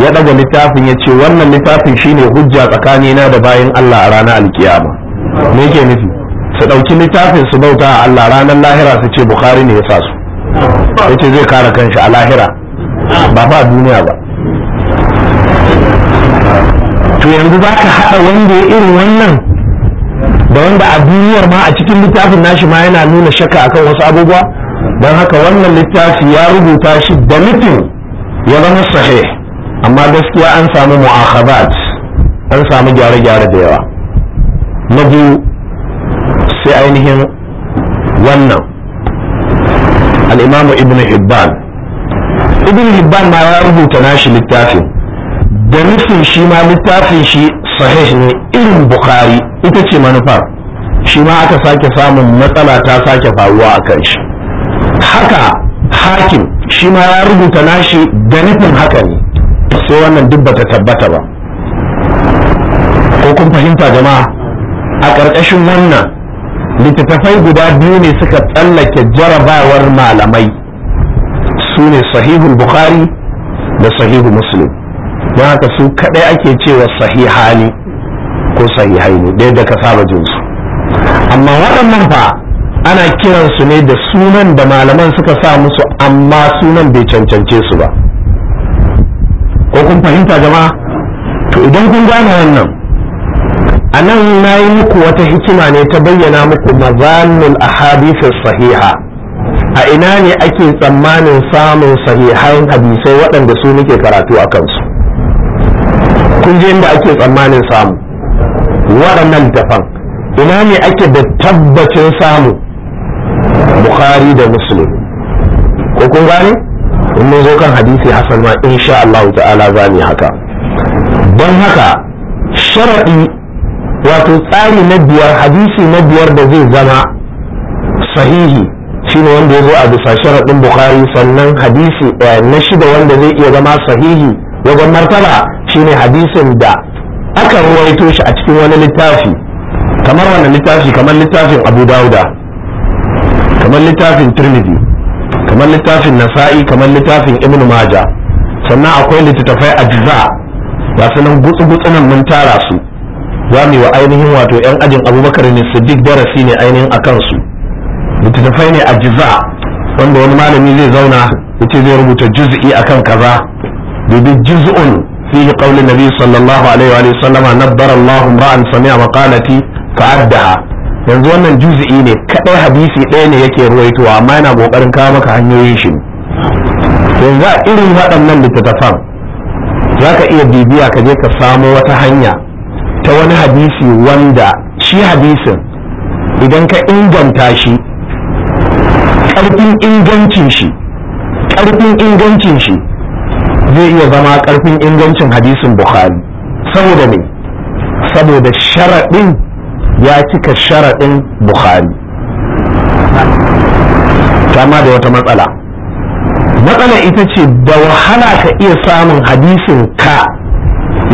ya daga littafin ya ce wannan littafin shine hujja tsakanina da bayan Allah a ranar alkiyama me ke nufi su ɗauki littafin su bauta a Allah ranar lahira su ce bukhari ne ya sa su yace zai kare kanshi a lahira ba fa duniya ba to yanzu za ka haɗa wanda ya irin wannan da wanda a duniyar ma a cikin littafin nashi ma yana nuna shakka akan wasu abubuwa don haka wannan littafi ya rubuta shi da mutum ya zama sahih amma gaskiya an samu mu'akhabat an samu gyare-gyare da yawa na biyu sai ainihin wannan al-imamu ibn hibban ibn ma ya rubuta nashi littafin da nufin shi ma littafin shi sahih ne irin bukhari ita ce manufa shi ma aka sake samun matsala ta sake faruwa a kan shi haka hakin shi ma ya rubuta nashi da nufin haka ne sai wannan duk bata tabbata ba ko kun fahimta jama'a a ƙarƙashin wannan littattafai guda biyu ne suka tsallake jarabawar malamai su ne sahihul bukhari da sahihu muslim don haka su kaɗai ake cewa sahiha ne ko sahihaini da ka saba jinsu amma waɗannan fa ana kiransu ne da sunan da malaman suka sa musu amma sunan bai cancance su ba ko kun fahimta jama'a to idan kun gane wannan a nan na yi muku wata hikima ne ta bayyana muku mazanul ahadithis sahiha a ina ne ake tsammanin samun sahihan hadisai waɗanda su muke karatu a kansu kun je inda ake tsammanin samu waɗannan tafan ina ne ake da tabbacin samu bukhari da muslim ko kun gane mun zo kan hadisi hasan ma insha Allah ta'ala za haka don haka sharaɗi wato tsari na biyar hadisi na biyar da zai zama sahihi shine wanda ya zo a bisa sharaɗin bukhari sannan hadisi eh, na shida wanda zai iya zama sahihi wajen martaba shine hadisin da aka ruwaito shi a cikin wani littafi kamar wani littafi kamar littafin abu dauda kamar littafin trinity kamar littafin nasa'i kamar littafin ibn maja sannan akwai littattafai ajza ba su nan gutsu-gutsu nan mun tara su za mu yi wa ainihin wato yan ajin abubakar ne siddiq darasi ne ainihin a kansu littattafai ne a jiza wanda wani malami zai zauna ya zai rubuta juz'i akan kaza dubi juz'un fi ƙaunin nabi sallallahu alaihi wa sallama nabbara Allahu ra'an sami'a maqalati fa'addaha yanzu wannan juz'i ne kadai hadisi ɗaya ne yake ruwaitowa amma yana kokarin kawo maka hanyoyin shi yanzu a irin waɗannan littattafan za ka iya bibiya ka je ka samo wata hanya ta wani hadisi wanda shi hadisin idan ka inganta shi ƙarfin ingancin shi ƙarfin ingancin shi zai iya zama ƙarfin ingancin hadisin bukhari saboda ne saboda sharaɗin ya cika sharaɗin bukhari ma da wata matsala matsala ita ce da wahala ka iya samun hadisin ka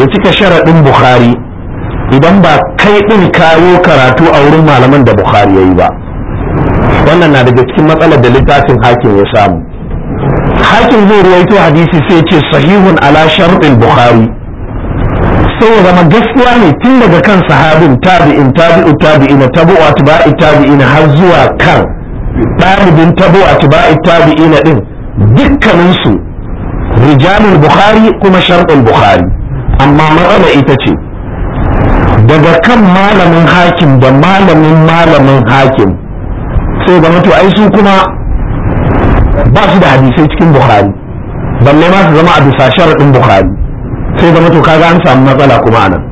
ya cika sharaɗin bukhari idan ba kai ɗin kayo karatu a wurin malaman da bukhari ya yi ba wannan na daga cikin matsalar da littafin hakim ya samu hakim zai ruwaito hadisi sai ce sahihun ala sharɗin bukhari sai ya zama gaskiya ne tun daga kan sahabin tabi'in tabi'u tabi'ina wa tabi'i tabi'in har zuwa kan ɗalibin wa tabi'i tabi'in din dukkaninsu rijalul bukhari kuma sharɗin bukhari amma matsala ita ce daga kan malamin hakim da malamin malamin hakim sai ga mutu ai su kuma ba su da hadisai cikin bukhari balle ma su zama a bisa sharadin bukhari sai ga mutu kaga an samu matsala kuma anan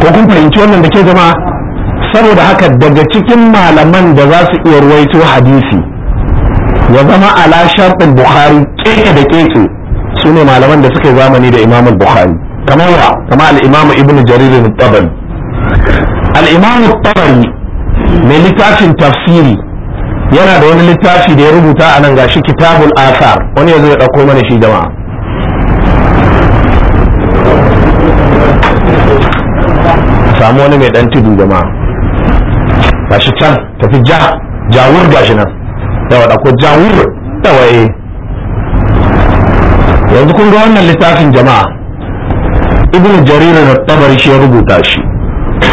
ko kun fahimci wannan da ke zama saboda haka daga cikin malaman da za su iya ruwaito hadisi ya zama ala sharɗin bukhari keke da keke su ne malaman da suka yi zamani da imamul bukhari kamar wa kamar al-imam ibn jarir al-tabari al-imam mai littafin tafsiri yana da wani littafi da ya rubuta a nan gashi kitabul asar wani yanzu ya dauko mana shi jama'a samu wani mai dan tudu jama'a gashi can tafi jawur gashi nan yawa dauko jawur yawa eh yanzu kun ga wannan littafin jama'a ibn jarir al-tabari shi ya rubuta shi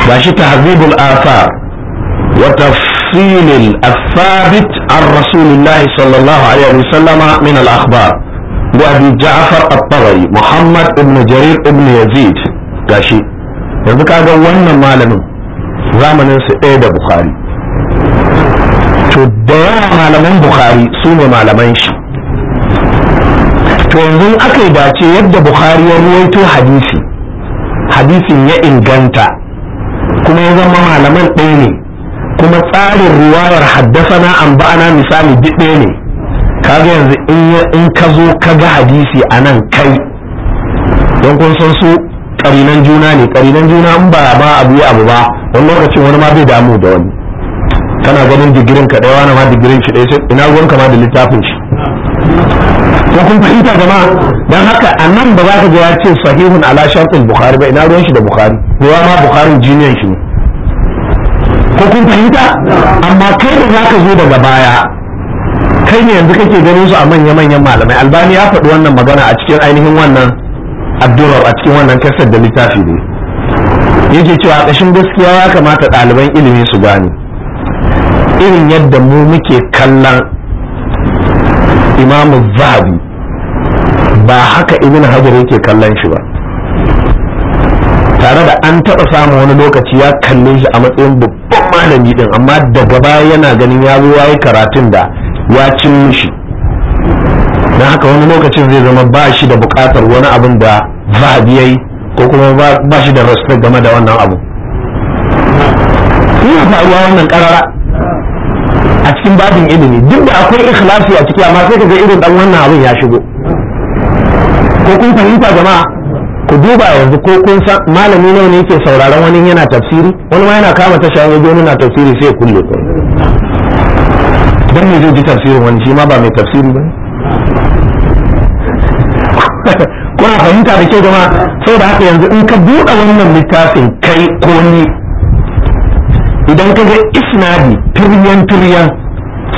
gashi tahzibul afar wa tafsil al-thabit an rasulillah sallallahu alaihi wasallama min al-akhbar da abi ja'far al-tabari muhammad ibn jarir ibn yazid gashi yanzu kaga wannan malamin zamanin su ɗaya da bukhari to da yawa malaman bukhari su ne malaman shi to yanzu aka yi dace yadda bukhari ya ruwaito hadisi hadisin ya inganta kuma ya zama malaman ɗaya ne kuma tsarin ruwayar haddasana an ba'ana misali duk ɗaya ne kaga yanzu in ka zo ka ga hadisi a nan kai don kun san su ƙarinan juna ne ƙarinan juna in ba ba abu ya abu ba wani lokacin wani ma bai damu da wani kana ganin digirin ka ɗaya wani ma digirin shi ɗaya ina gwanka ma da littafin shi ko kun fahimta jama'a dan haka anan ba za ka ga ya ce sahihun ala shartul bukhari ba ina ruwan shi da bukhari ruwa ma bukhari jiniyan shi ko kun fahimta amma kai da za ka zo daga baya kai ne yanzu kake ganin su a manya-manyan malamai albani ya faɗi wannan magana a cikin ainihin wannan abdurar a cikin wannan kasar da littafi ne yake cewa ƙashin gaskiya ya kamata ɗaliban ilimi su gane irin yadda mu muke kallon al-imam zabi ba haka ibn hajar yake kallon shi ba tare da an taɓa samun wani lokaci ya kalle shi a matsayin babban malami din amma daga baya yana ganin ya zo yayi karatun da ya cin mishi don haka wani lokacin zai zama ba shi da buƙatar wani abin da zabi yayi ko kuma ba shi da respect game da wannan abu faruwa wannan karara a cikin babin ilimi duk da akwai ikhlasi a ciki amma sai ka ga irin dan wannan abin ya shigo ko kun fahimta jama'a ku duba yanzu ko kun san malami nawa ne yake sauraron wani yana tafsiri wani ma yana kama ta ya je na tafsiri sai kulle ko dan me zai ji tafsirin wani shi ma ba mai tafsiri ba kuna fahimta da kyau jama'a saboda haka yanzu in ka buɗe wannan littafin kai ko ni idan ka ga isnadi tiryan tiryan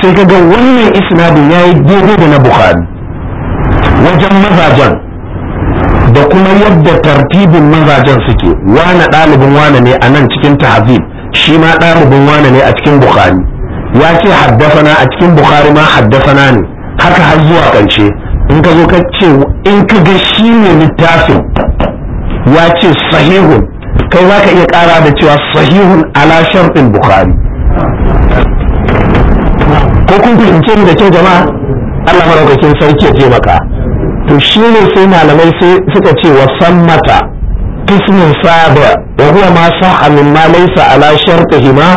sai ka ga wannan isnadin ya yi daidai da na bukhari wajen mazajen da kuma yadda tartibin mazajen suke wane ɗalibin wane ne a nan cikin tahzib shi ma ɗalibin wane ne a cikin bukhari ya ce na a cikin bukhari ma na ne haka har zuwa ƙarshe in ka zo ka ce in ka ga shi ne littafin ya ce sahihun kai za ka iya ƙara da cewa sahihun ala sharɗin bukari ko kun fahimce ni da kyau jama'a Allah maraukakin sarki ya taimaka to shi ne sai malamai suka ce wa mata, kismin saba wa huwa ma sa'a min ma laysa ala shartihima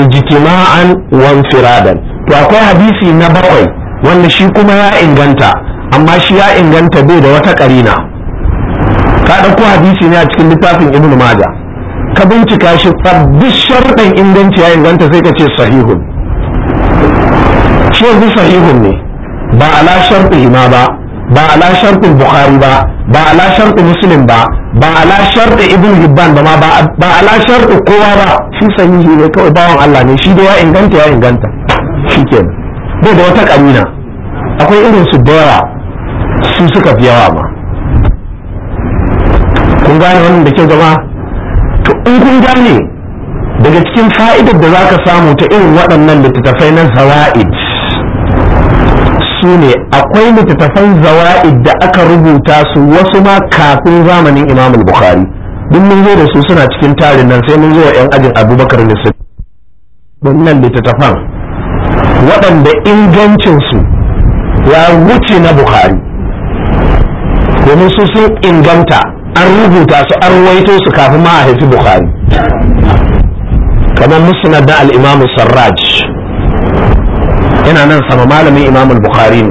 ijtima'an wa infiradan to akwai hadisi na bakwai wanda shi kuma ya inganta amma shi ya inganta bai da wata karina ka ɗauko hadisi ne a cikin littafin ibn maja ka bincika shi duk sharɗin inganci ya inganta sai ka ce sahihun shi yanzu sahihun ne ba ala sharɗi ma ba ba ala sharɗin bukhari ba ba ala sharɗi muslim ba ba ala sharɗi ibn hibban ba ba ala sharɗi kowa ba shi sahihi ne kawai bawan Allah ne shi da ya inganta ya inganta shi kenan bai da wata ƙarina akwai irin su dora su suka fi yawa ma kun gane wannan da kyau jama'a to in gane daga cikin fa'idar da za ka samu ta irin waɗannan littattafai na zawa'id su ne akwai littattafan zawa'id da aka rubuta su wasu ma kafin zamanin imamul bukhari duk mun zo da su suna cikin tarin nan sai mun zo wa 'yan ajin abubakar da su wannan littattafan waɗanda ingancinsu ya wuce na bukhari domin su sun inganta an rubuta su an ruwaito su kafin ma a haifi bukari kamar musnad da al-imam sarraj yana nan sama malamin imam bukhari ne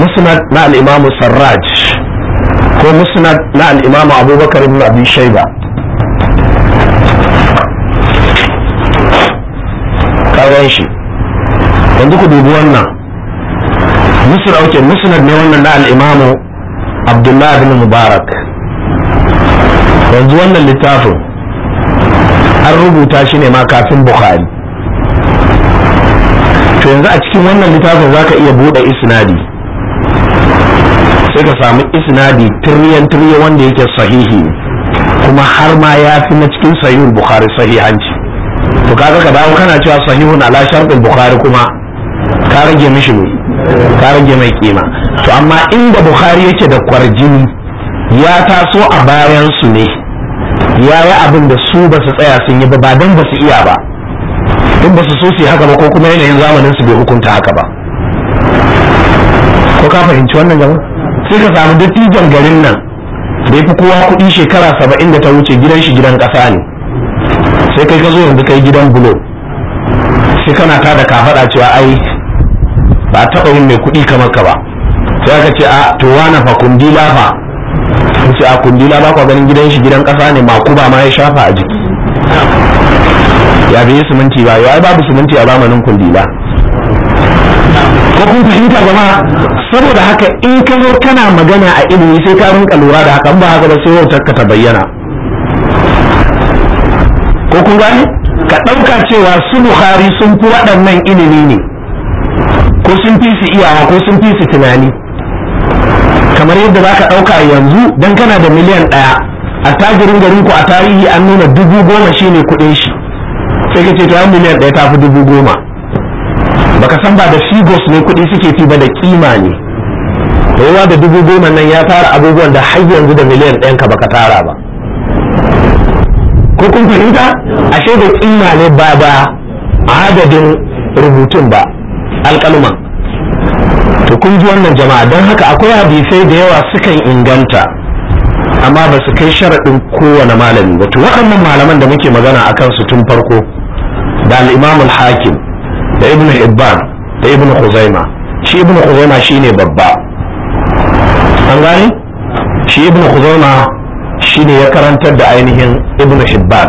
musnad na al-imam sarraj ko musnad na al-imam abubakar ibn abi shayba kawai shi yanzu ku dubi wannan musnad ne wannan na al-imam abdullahi bin mubarak yanzu wannan littafin an rubuta shi ne ma kafin bukhari to yanzu a cikin wannan littafin za ka iya buɗe isnadi sai ka samu isnadi tiriyan tiriyan wanda yake sahihi kuma har ma ya fi na cikin sahihun bukhari sahihanci to kaga ka dawo kana cewa sahihun ala shartul bukhari kuma ka rage mishi ka rage mai kima to amma inda bukhari yake da kwarjini ya taso a bayan su ne ya yi abin da su ba su tsaya sun yi ba ba don ba su iya ba in ba su so su haka ba ko kuma yanayin zamanin su bai hukunta haka ba ko ka fahimci wannan gaba sai ka samu dattijan garin nan da ya fi kowa kuɗi shekara saba'in da ta wuce gidan shi gidan ƙasa ne sai kai ka zo yanzu kai gidan bulo sai kana ta da kafaɗa cewa ai ba taɓa yin mai kuɗi kamar ka ba sai ka ce a to wana fa kundi lafa sun ce a kundila ba kwa ganin gidan shi gidan kasa ne ma kuma ma ya shafa a jiki ya bi yi siminti ba ya babu siminti a zamanin kundila ko kun fahimta gama saboda haka in ka zo kana magana a ilimi sai ka rinka lura da haka ba haka ba sai wautar ka ta bayyana ko kun gane ka ɗauka cewa su buhari sun fi waɗannan ilimi ne ko sun fi su iyawa ko sun fi su tunani kamar yadda za ka ɗauka yanzu don kana da miliyan ɗaya a tajirin garin ku a tarihi an nuna dubu goma shi ne kuɗin shi sai ka ce to miliyan ɗaya ta fi dubu goma baka san ba da figos ne kuɗi suke fi ba da kima ne yawa da dubu goma nan ya tara abubuwan da har yanzu da miliyan ɗayan ka baka tara ba ko kun fahimta ashe da kima ne ba ba adadin rubutun ba alƙalman to kun ji wannan jama'a don haka akwai hadisai da yawa sukan inganta amma ba su kai sharaɗin kowane malami ba to waɗannan malaman da muke magana a kansu tun farko da al hakim da ibn hibban da ibn khuzaima shi ibn khuzaima shine babba an gane shi ibn khuzaima shine ya karantar da ainihin ibn hibban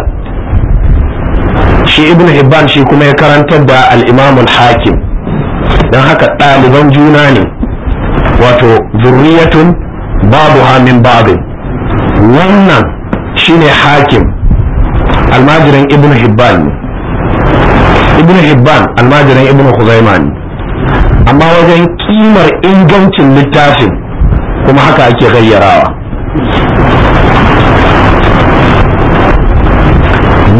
shi ibn hibban shi kuma ya karantar da al hakim dan haka ɗaliban juna ne wato zurriyatun babu hamin babin wannan shine hakim almajiran ibn hibban ne ibn hibban almajiran ibn huzaima ne amma wajen kimar ingancin littafin kuma haka ake gayyarawa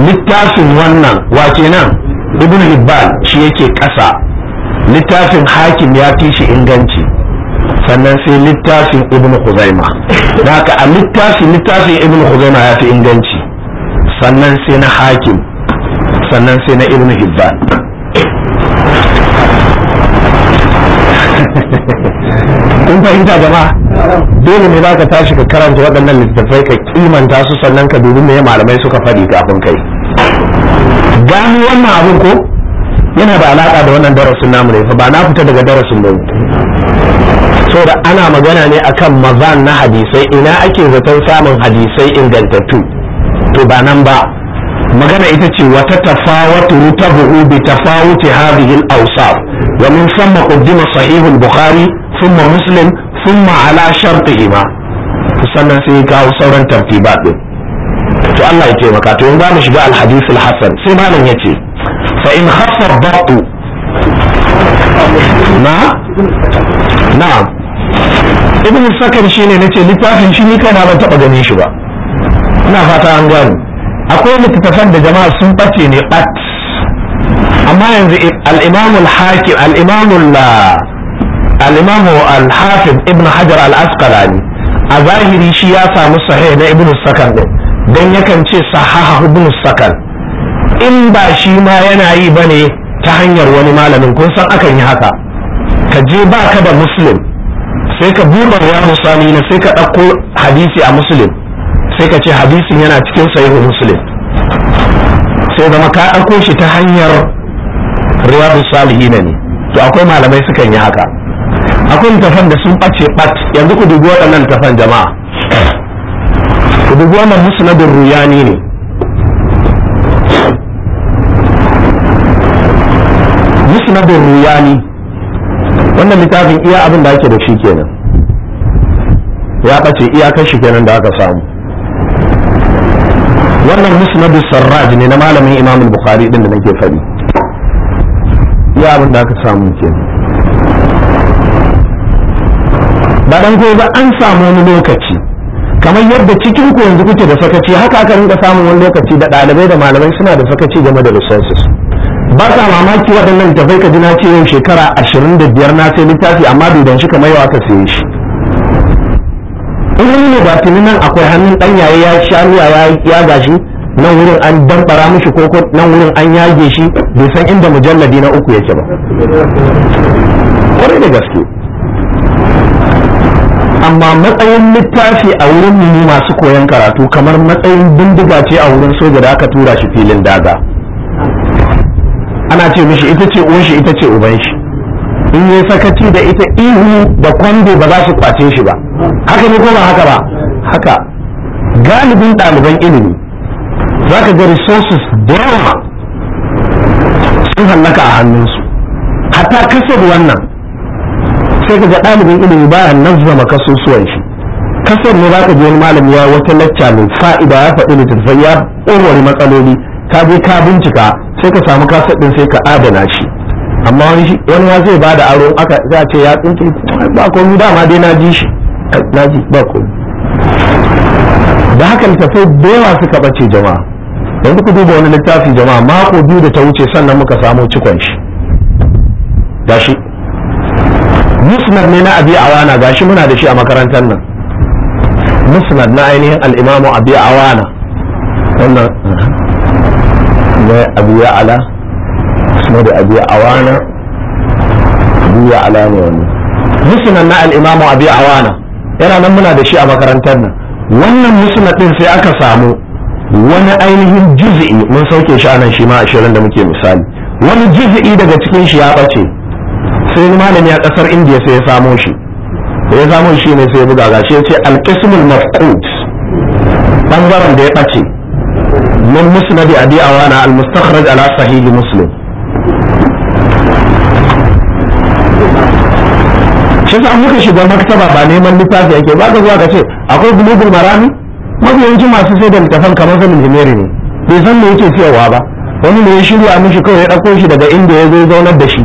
littafin wannan wa kenan ibn hibban shi yake ƙasa littafin hakim ya fi shi inganci sannan sai littafin ibn huzaima da haka a littafin littafin ibn huzaima ya fi inganci sannan sai na hakim sannan sai na ibn hibban kun fahimta jama dole ne zaka tashi ka karanta waɗannan littattafai ka kimanta su sannan ka dubi me malamai suka faɗi kafin kai Gani wannan abin ko yana da alaka da wannan darasin namu ne fa ba na fita daga darasin ba da ana magana ne akan mazan na hadisai ina ake zaton samun hadisai ingantattu to ba nan ba magana ita ce wata tafawatu rutabuhu bi tafawuti hadhihi al-awsaf wa min thumma qaddima sahih al-bukhari thumma muslim thumma ala shartihima sannan sai kawo sauran tartibat din to Allah ya taimaka to in za mu shiga al-hadith al-hasan sai malam yace فإن خف الضغط نعم نعم ibn sakar shi ne nace littafin shi ni kaina ban taba ganin shi ba ina fata an gano akwai littattafan da jama'a sun bace ne bat amma yanzu al-imam al ibn hajar al-asqalani a zahiri shi ya samu sahih na ibn sakar dan yakan ce sahaha ibn sakar in ba shi ma yana yi ba ne ta hanyar wani malamin kun san akan yi haka ka je ba ka da muslim sai ka buɗe ya musani na sai ka ɗauko hadisi a muslim sai ka ce hadisin yana cikin sahihu muslim sai zama ka ɗauko shi ta hanyar riyadu salihina ne to akwai malamai sukan yi haka akwai tafan da sun ɓace ɓat yanzu ku dubi waɗannan tafan jama'a ku dubi wannan musnadin ruyani ne musnadin ruyani wannan littafin iya abin da ake da shi kenan ya ɓace iyakar shi kenan da aka samu wannan musnadu sarraj ne na malamin imam bukhari din da nake faɗi iya abin da aka samu kenan ba dan ba an samu wani lokaci kamar yadda cikin ku yanzu kuke da sakaci haka aka rinka samun wani lokaci da ɗalibai da malamai suna da sakaci game da resources ba sa mamaki waɗannan tafai ka ji na ce yau shekara ashirin da biyar na sai littafi amma don shi kamar yau aka sai shi in ne ba tuni nan akwai hannun yaya ya sha ya gashi nan wurin an damfara mishi ko nan wurin an yage shi bai san inda mujalladi na uku yake ba kwarai da gaske amma matsayin littafi a wurin mu masu koyon karatu kamar matsayin bindiga ce a wurin soja da aka tura shi filin daga ana ce mishi ita ce uwan shi ita ce uban shi in yi sakaci da ita ihu da kwando ba za su kwace shi ba haka ne ko ba haka ba haka galibin ɗaliban ilimi za ka ga resources da yawa sun hallaka a hannunsu hatta kasar wannan sai ka ga ɗalibin ilimi baya nazzama kasusuwan shi kasar ne za ka ji wani malami ya wata lacca mai fa'ida ya faɗi littattafai ya ƙorware matsaloli ka je ka bincika sai ka samu kaset ɗin sai ka adana shi amma wani ya zai da aro aka za a ce ya tsinci ba komi dama dai na ji shi na ji ba komi da haka littafai da yawa suka bace jama'a yanzu ku duba wani littafi jama'a mako biyu da ta wuce sannan muka samu cikon shi gashi musnad ne na abi awana gashi muna da shi a makarantar nan musnad na ainihin al'imamu abi awana wannan abu ya ala da abu awana abu ya ala ne wani na al'imamu abu ya awana yana nan muna da shi a makarantar nan wannan musnad din sai aka samu wani ainihin juz'i mun sauke shi anan shi ma ashirin da muke misali wani juz'i daga cikin shi ya bace sai malami a kasar indiya sai ya samo shi da ya samo shi ne sai ya buga gashi ya ce Alkismul mafkut bangaren da ya bace min musnad abi awana al-mustakhraj ala sahih muslim shi sa muka shiga maktaba ba neman littafi ake ba ka zuwa ka ce akwai bulugul marami mabiyanci masu sai da littafan kamar sanin jimeri ne bai san me yake cewa ba wani ne ya shirya mishi kawai ya ɗauko shi daga inda ya zo zaunar da shi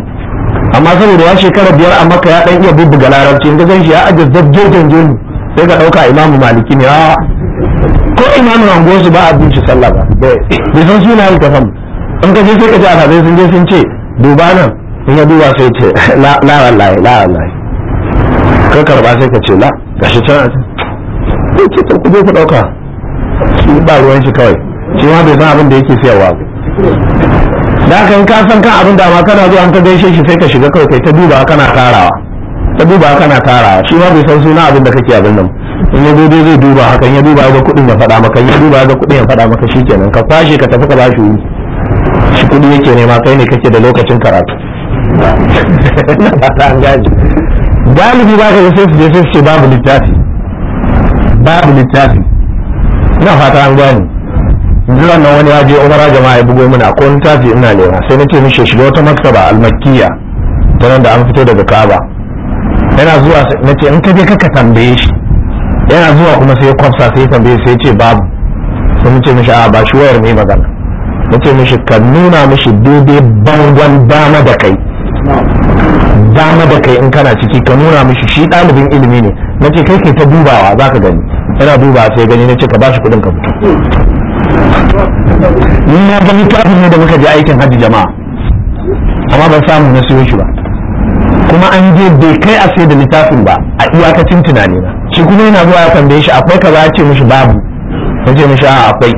amma saboda ya shekara biyar a maka ya ɗan iya bubbuga larabci in shi ya ajiye zabjojen jeli sai ka ɗauka imamu maliki ne a imamin anguwar su ba a binci sallah ba bai san sunayen kafan in ka je sai ka ji a sun je sun ce duba nan in ya duba sai ce la wallahi la wallahi ka karba sai ka ce la gashi can a ce ce ta ku ku dauka shi ba ruwan shi kawai shi ma bai san abin da yake siyarwa da haka in ka san kan abin da ma kana zuwa an ka gaishe shi sai ka shiga kawai kai ta duba kana tarawa ta duba kana tarawa shi ma bai san suna abin da kake abin nan in ya gobe zai duba hakan ya duba ga kuɗin ya faɗa maka ya duba ga kuɗin ya faɗa maka shi kenan ka kwashe ka tafi ka ba shi wuri shi kudi yake nema kai ne kake da lokacin karatu galibi ba ka yi je sai su ce babu littafi babu littafi ina fata an gani yanzu wannan wani ya je umara jama'a ya bugo mana ko littafi ina lera sai na ce mishi shiga wata maktaba almakiya ta nan da an fito daga kaba yana zuwa na ce in ka je kaka tambaye shi yana zuwa kuma sai kwamsa sai tambaye sai ce babu sai mun ce mishi a ba shi wayar mai magana mu ce mishi ka nuna mishi daidai bangon dama da kai dama da kai in kana ciki ka nuna mishi shi ɗalibin ilimi ne na ce kai kai ta dubawa za ka gani yana duba sai gani na ce ka ba shi kuɗin ka fito ni na gani littafin ne da muka je aikin hajji jama'a amma ban samu na siyo shi ba kuma an je bai kai a sai da littafin ba a iyakacin tunani na shi kuma yana zuwa ya tambaye shi akwai kaza ce mishi babu ya ce mishi a akwai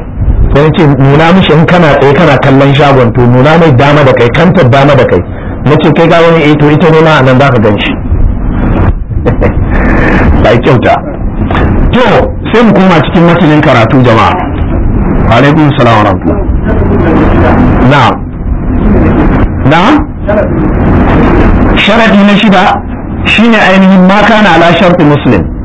sai ya ce nuna mishi in kana tsaye kana kallon shagon to nuna mai dama da kai kantar dama da kai na ce kai ga wani eh to ita ne ma a nan za ka gan shi bai kyauta to sai mu koma cikin matanin karatu jama'a wa alaikum salam wa na na sharadi na shida shine ainihin ma kana ala sharti muslim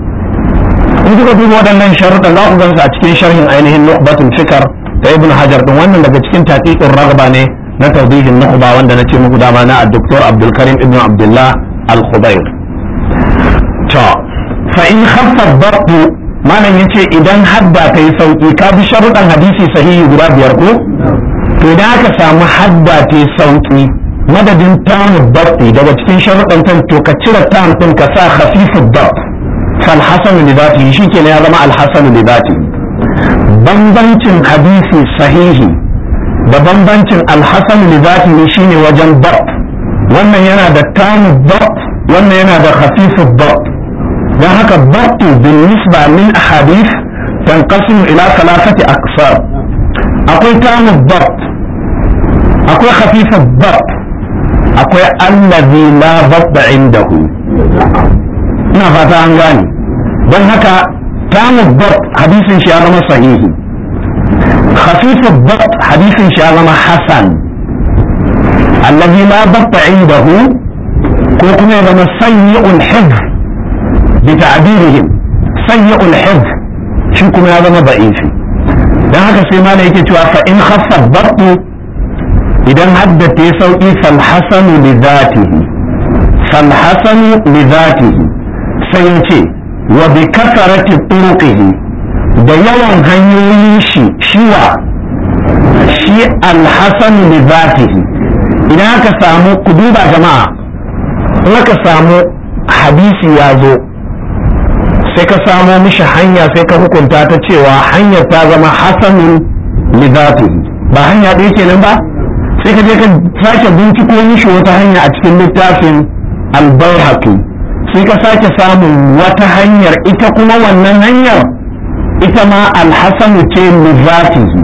in kuka duba waɗannan sharuɗa za ku gansu a cikin sharhin ainihin nuqbatul fikar ta ibn hajar din wannan daga cikin taqiqin ragaba ne na tawdihin nuqba wanda na ce muku dama na al-doktor abdul ibn abdullah al-khubayr to fa in khaffa dabtu malam yace idan hadda ta yi sauki ka bi sharuɗan hadisi sahihi guda biyar ko to idan aka samu hadda ta yi sauki madadin tamu dabti daga cikin sharuɗan tan to ka cire tam ka sa khafifu dabt fal hasanu li dhatihi shikenan ya zama al hasanu bambancin hadisi sahihi da bambancin al hasanu li dhatihi shine wajen dab wannan yana da tani dab wannan yana da khafifu dab dan haka dabtu bin nisba min ahadith tanqasimu ila thalathati aqsam akwai tamu dab akwai akwai ina fata an gane don haka tamus bat hadisin shi ya zama sahihi khafifu bat hadisin shi ya zama hasan allazi la batta indahu ko kuma ya zama sayyi'ul hifz bi ta'birihim sayyi'ul hifz shi kuma ya zama da'ifi dan haka sai ma yake cewa fa in khaffa battu idan haddace sauki fal hasanu li dhatihi fal hasanu li dhatihi sai ya ce wa bi kasarati turuqihi da yawan hanyoyin shi shiwa shi alhasan bi zatihi idan aka samu ku duba jama'a in aka samu hadisi ya zo sai ka samo mishi hanya sai ka hukunta ta cewa hanyar ta zama Hassan li zatihi ba hanya ɗaya kenan ba sai ka je ka sake binciko mishi wata hanya a cikin littafin al bayhaqi sai ka sake samun wata hanyar ita kuma wannan hanyar ita ma alhassanu ce muzatihi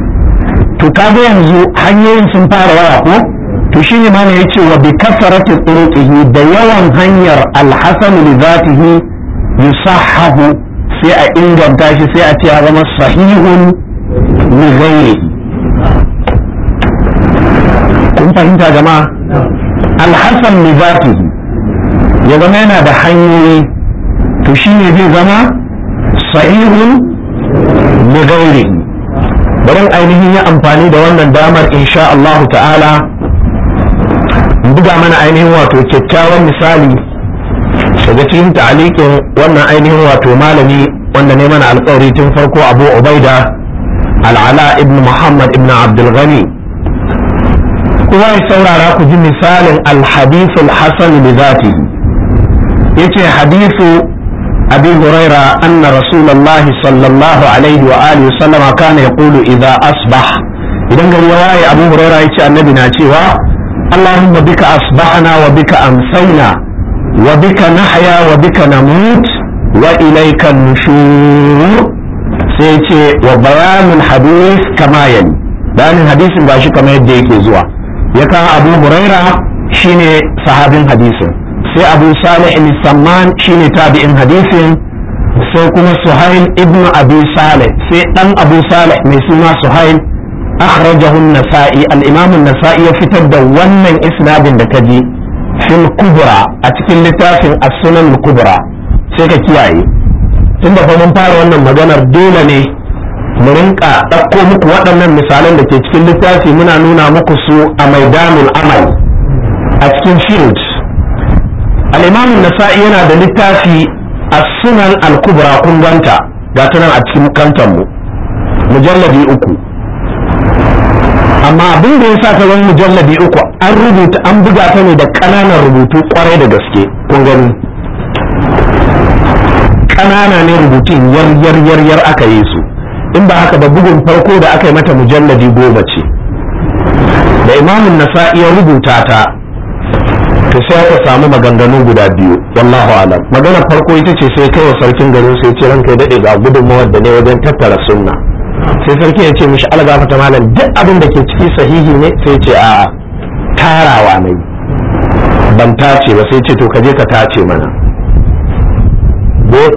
to kaga yanzu hanyoyin sun fara yawa ko to ne ma ne yace wa bi kasarati turuqihi da yawan hanyar alhassanu lizatihi yusahhahu sai a inganta shi sai a ce ya zama sahihun li kun fahimta jama'a alhassan lizatihi ya zama yana da hanyoyi to shi ne zai zama sa'ihun mugauri barin ainihin ya amfani da wannan damar insha Allahu ta'ala buga mana ainihin wato kyakkyawan misali daga cikin ta'alikin wannan ainihin wato malami wanda ne mana alƙawari tun farko abu ubaida al'ala ibn muhammad ibn abdul ghani kuma saurara ku ji misalin alhadisul hasan li zatihi yace hadithu abi huraira anna rasulullahi sallallahu alaihi wa alihi sallama kana yaqulu idza asbah idan gari ya waye abu huraira yace annabi na cewa allahumma bika asbahna wa bika amsayna wa bika nahya wa bika namut wa ilayka an-nushur sai ce wa bayanul hadith kama yali bayanin hadisin ba shi kamar yadda yake zuwa ya kawo abu huraira shine sahabin hadisin sai abu salih ibn samman shine tabi'in hadisin sai kuma suhail ibn abu salih sai dan abu salih mai suna suhail akhrajahu an-nasa'i al-imam an-nasa'i ya fitar da wannan isnadin da kaji fil kubra a cikin littafin as-sunan al-kubra sai ka kiyaye tunda fa mun fara wannan maganar dole ne mu rinka ɗauko muku waɗannan misalan da ke cikin littafi muna nuna muku su a maidanul amal a cikin field A limamin nasa'i yana da littafi a sunan al-kubra kun ganta ga ta a cikin kantanmu mujalladi uku amma abin da ya sa ta zama mujalladi uku an buga ta ne da ƙananan rubutu kwarai da gaske kun gani ƙanana ne rubutun yar yar yar aka yi su in ba haka ba bugun farko da aka yi mata mujalladi goma ce da imamin nasa'i ya rubuta ta to sai aka samu maganganu guda biyu wallahu alam magana farko ita ce sai kai wa sarkin garin sai ce ranka ya dade ga gudunmawar da ne wajen tattara sunna sai sarki ya ce mishi algafa ta malam duk abin da ke ciki sahihi ne sai ce a tarawa ne ban tace ba sai ce to ka je ka tace mana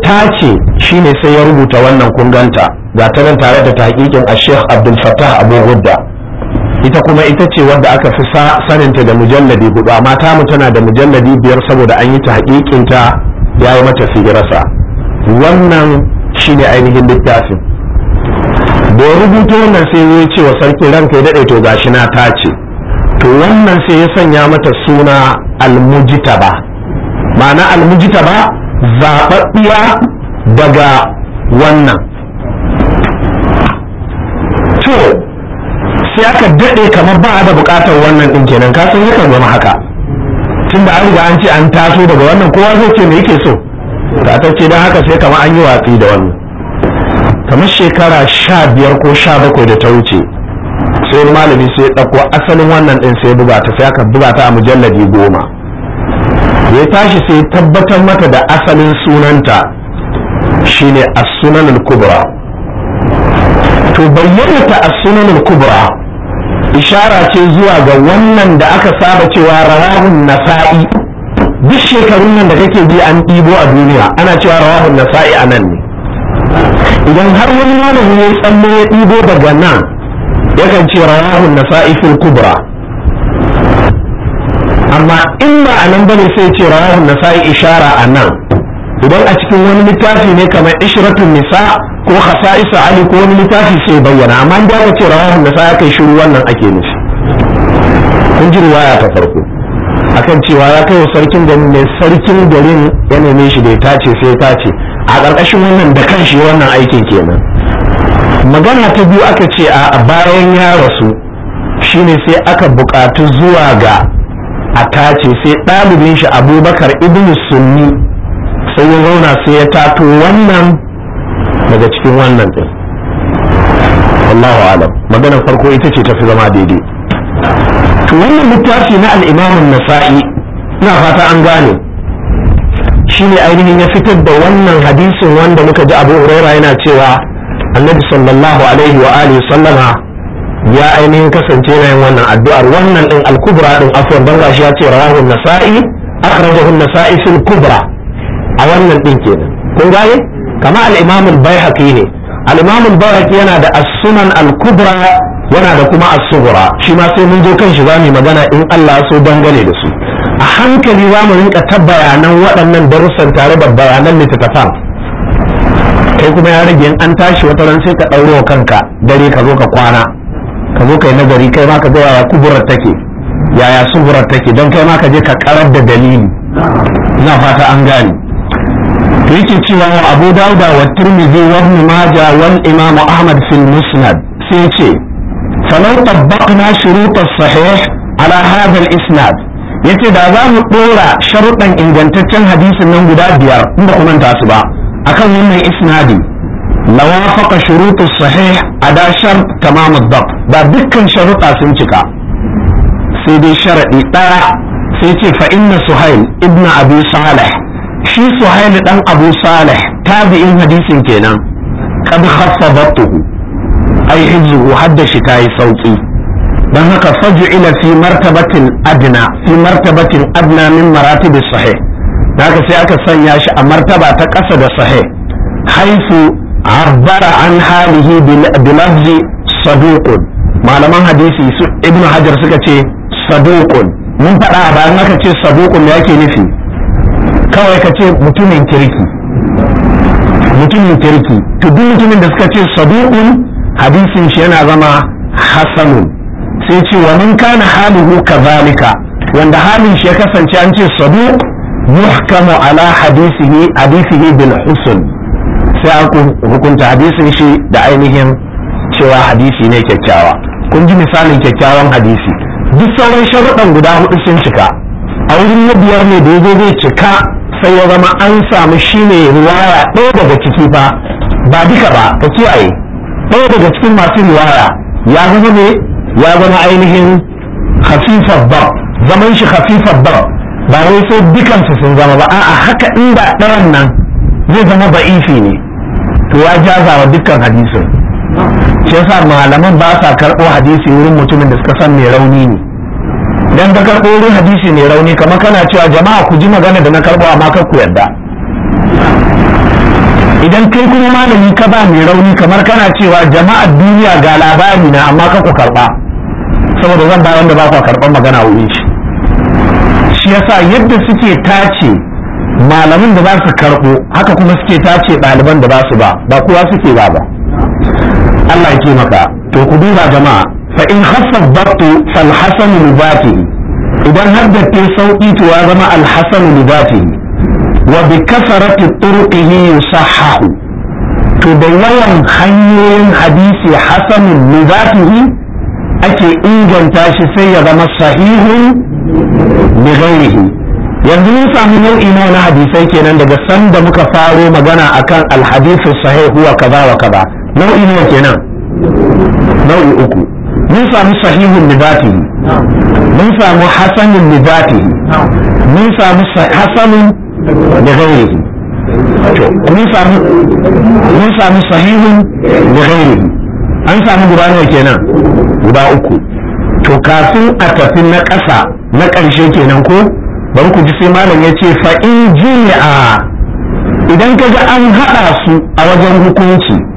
tace shine sai ya rubuta wannan kunganta ga ta tare da tahqiqin a Sheikh Abdul Fattah Abu Ghudda ita kuma ita ce wadda aka fi saninta da mujalladi hudu amma ta mu tana da mujalladi biyar saboda an yi ta hakikinta ya yi mata sigirarsa wannan shi ne ainihin littafin da rubuta wannan sai ya ce wa sarki ranka ya daɗe to gashi na ta ce to wannan sai ya sanya mata suna almujitaba ma'ana almujitaba zaɓaɓɓiya daga wannan sai aka daɗe kamar ba a da buƙatar wannan ɗin kenan ka san yakan zama haka tunda an riga an ce an taso daga wannan kowa zai ce me yake so ta ce don haka sai kamar an yi watsi da wannan kamar shekara sha biyar ko sha bakwai da ta wuce sai wani malami sai ɗauko asalin wannan ɗin sai buga ta sai aka buga ta a mujalladi goma ya tashi sai tabbatar mata da asalin sunanta shine as-sunan al-kubra to bayyana ta as-sunan al-kubra ishara ce zuwa ga wannan da aka saba cewa rawahun nasa'i duk shekarun nan da kake ji an ɗibo a duniya ana cewa rawahun nasa'i a nan ne idan har wani malami ya tsamma ya ɗibo daga nan yakan ce rawahun nasa'i fil kubra amma in ba a nan bane sai ce rawahun nasa'i ishara a nan idan a cikin wani littafi ne kamar ishratun nisa ko khasa'isa ali ko wani littafi sai bayyana amma in ka ce rawahu sai kai shiru wannan ake nufi kun ji riwaya ta farko akan cewa ya kai sarkin garin ne sarkin garin ya neme shi da ya tace sai ya tace a ƙarƙashin wannan da kanshi wannan aikin kenan magana ta biyu aka ce a bayan ya rasu shine sai aka buƙatu zuwa ga a tace sai ɗalibin shi abubakar ibn sunni sai ya zauna sai ya tato wannan daga cikin wannan din Allahu alam maganar farko ita ce tafi zama daidai to wannan littafi na al-Imam nasai ina fata an gane shine ainihin ya fitar da wannan hadisin wanda muka ji Abu Huraira yana cewa Annabi sallallahu alaihi wa alihi sallama ya ainihin kasance na yin wannan addu'ar wannan din al-kubra din afwan dan gashi ya ce rawahu nasai akhrajahu nasai fil kubra a wannan din kenan kun gane kama al-imam al-baihaqi ne al-imam al yana da as-sunan al-kubra yana da kuma as-sughra shi ma sai mun je kan shi mu magana in Allah so dangane da su a hankali za mu rinka ta bayanan waɗannan darussan tare da bayanan littattafan kai kuma ya rage in an tashi wata ran sai ka ɗauro kanka dare ka zo ka kwana ka zo kai nazari kai ma ka ga yaya kuburar take yaya suburar take don kai ma ka je ka karar da dalili ina fata an gane yake cewa wa abu dauda wa tirmidhi wa ibn maja wal imam ahmad fil musnad sai yace falau tabbaqna shurut sahih ala hadha al-isnad yace da za mu dora sharuɗan ingantaccen hadisin nan guda biyar inda ba manta su ba akan wannan isnadi lawafaqa shurut sahih ada shart tamam ad-dabt da dukkan sharuɗa sun cika sai dai sharadi ɗaya sai ce fa inna suhail ibn abi salih shi su haini ɗan abu salih in hadisin kenan kad khaffadatuhu ai hijzuhu hadda shi yi sauki dan haka ila fi martabatin adna fi martabatin adna min maratib sahih da haka sai aka sanya shi a martaba ta ƙasa da sahe. haifu abbara an halihi lafzi saduqun malaman hadisi ibnu hajar suka ce saduqun mun faɗa a bayan aka ce saduqun me yake nufi kawai ka ce mutumin kirki mutumin kirki to duk mutumin da suka ce sabi'un hadisin shi yana zama hasanun sai ce wa man kana haluhu kazalika wanda halin shi ya kasance an ce sadu muhkamu ala hadisihi hadisihi bil husn sai aku hukunta hadisin shi da ainihin cewa hadisi ne kyakkyawa kun ji misalin kyakkyawan hadisi duk sauran sharuɗan guda hudu sun cika a wurin na biyar ne da zai cika sai ya zama an samu shi ne riwaya ɗaya daga ciki ba ba duka ba ka kiyaye ɗaya daga cikin masu riwaya ya zama ne ya zama ainihin khafifar ba zaman shi ba ba wai sai dukansu sun zama ba a'a haka inda ɗayan nan zai zama ba'ifi ne to ya jazawa dukkan hadisin shi yasa malaman ba sa karɓo hadisi wurin mutumin da suka san mai rauni ne dan ka karɓo wurin hadisi mai rauni kamar kana cewa jama'a ku ji magana da na karɓo amma kar ku yarda idan kai kuma malami ka ba mai rauni kamar kana cewa jama'a duniya ga labari na amma ka ku karɓa saboda zan ba wanda ba ku karɓar magana wurin shi shi yasa yadda suke tace malamin da za su karɓo haka kuma suke tace ɗaliban da ba su ba ba kowa suke ba ba Allah ya taimaka to ku duba jama'a fa in haffat battu fal hasanu li zatihi idan har da ta sauki to ya zama al hasanu li zatihi wa bi kasarati turqihi yusahhahu to da yawan hanyoyin hadisi hasanun li zatihi ake inganta shi sai ya zama sahihun bi ghairihi yanzu mun nau'i nawa na hadisai kenan daga sanda muka faro magana akan al hadithu sahih huwa kaza wa kenan nau'i uku mun samu sahihun libati mun samu hasanun libati mun samu hasanun da gairi mun samu mun sahihun da gairi an samu guda kenan guda uku to kafin a tafi na ƙasa na ƙarshe kenan ko bari ku ji sai malam ya ce fa'in jini'a idan ka ga an haɗa su a wajen hukunci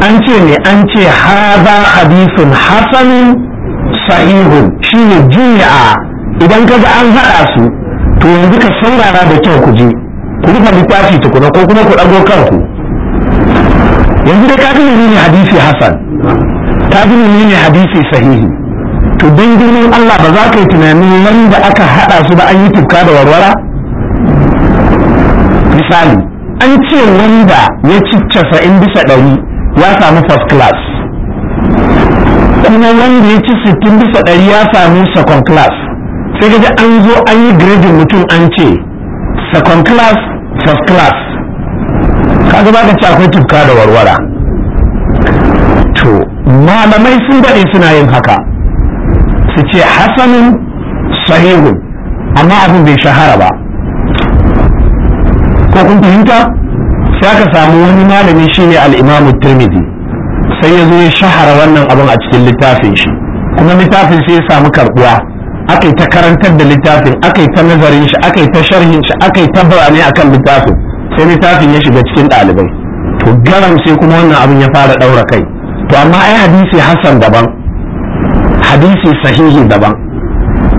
an ce ne an ce haza hadisun shi sahihun shine a. idan kaga an haɗa su to yanzu ka saurara da kyau ku je ku rufe littafi tukuna ko kuma ku ɗago kanku yanzu dai ka ne ne hadisi hasan ka ne ne hadisi sahihi to don Allah ba za ka yi tunanin wanda aka haɗa su ba an yi tufka da warwara misali an ce wanda ya ciccasa in bisa ɗari ya samu first class kuma wanda ya ci sittin bisa ɗari ya samu second class sai gaji an zo an yi grading mutum an ce second class first class ka ba da ci akwai tufka da warwara to malamai sun daɗe suna yin haka su ce hasanin sahihun amma abin bai shahara ba ko kun fahimta sai samu wani malami shine al-imam tirmidhi sai ya zo ya shahara wannan abin a cikin littafin shi kuma littafin sai ya samu karbuwa aka yi ta karantar da littafin aka yi ta nazarin shi aka yi ta sharhin shi aka yi ta birane akan littafin sai littafin ya shiga cikin ɗalibai to garam sai kuma wannan abin ya fara ɗaura kai to amma ai hadisi hasan daban hadisi sahihi daban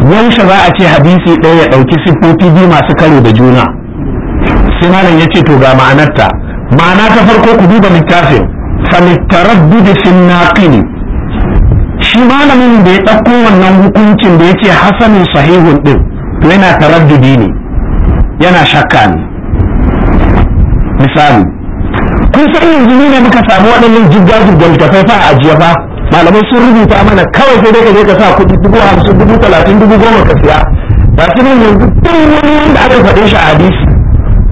yaushe za a ce hadisi ɗaya ya ɗauki siffofi biyu masu karo da juna sai malam ya ce to ga ma'anarta ma'ana ta farko ku duba littafin falittaraddud fi naqili shi malamin da ya ɗauko wannan hukuncin da yake hasanin sahihun din to yana taraddudi ne yana shakka ne misali kun san yanzu ne muka samu waɗannan jigga da littafai fa a ajiye ba malamai sun rubuta mana kawai sai dai ka je ka sa kuɗi dubu hamsin dubu talatin dubu goma ka siya ba su ne yanzu duk wani wanda aka faɗe shi a hadisi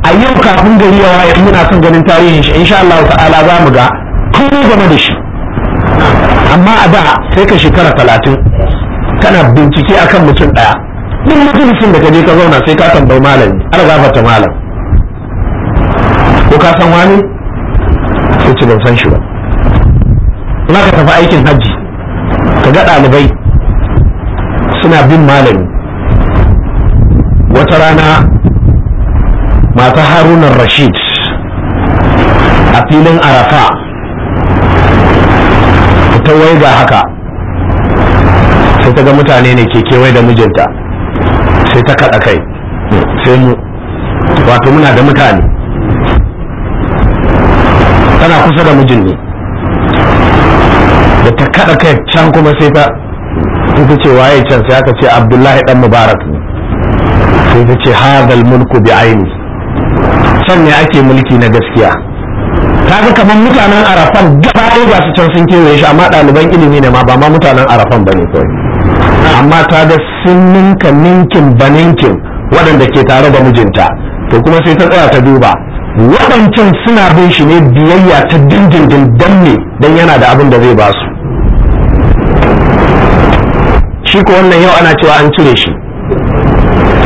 a yau kafin gari ya waye muna son ganin tarihin shi insha Allah ta'ala za mu ga komai game da shi amma a da sai ka shekara talatin kana bincike akan mutum ɗaya duk majalisin da ka je ka zauna sai ka tambayi malami har za ta malam ko ka san wani sai ci ban san shi ba za ka tafi aikin hajji ka ga ɗalibai suna bin malami wata rana Mata Haruna rashid a filin arafa ta ga haka sai ta ga mutane ne ke kewaye da mijinta sai ta kaɗa kai sai mu wato muna da mutane tana kusa da mijin ne da ta kaɗa kai can kuma sai ta ta ce waye can sai aka ce abdullahi dan mubarak ne sai ta ce hadal mulku bi aini can ne ake mulki na gaskiya kaga kaman mutanen arafan gaba ɗaya ba su can sun kewaye shi amma ɗaliban ilimi ne ma ba ma mutanen arafan ba ne kawai amma ta ga sun ninka ninkin ba ninkin waɗanda ke tare da mijinta to kuma sai ta tsaya ta duba waɗancan suna bin shi ne biyayya ta dindindin dan ne dan yana da abin da zai ba su shi ko wannan yau ana cewa an cire shi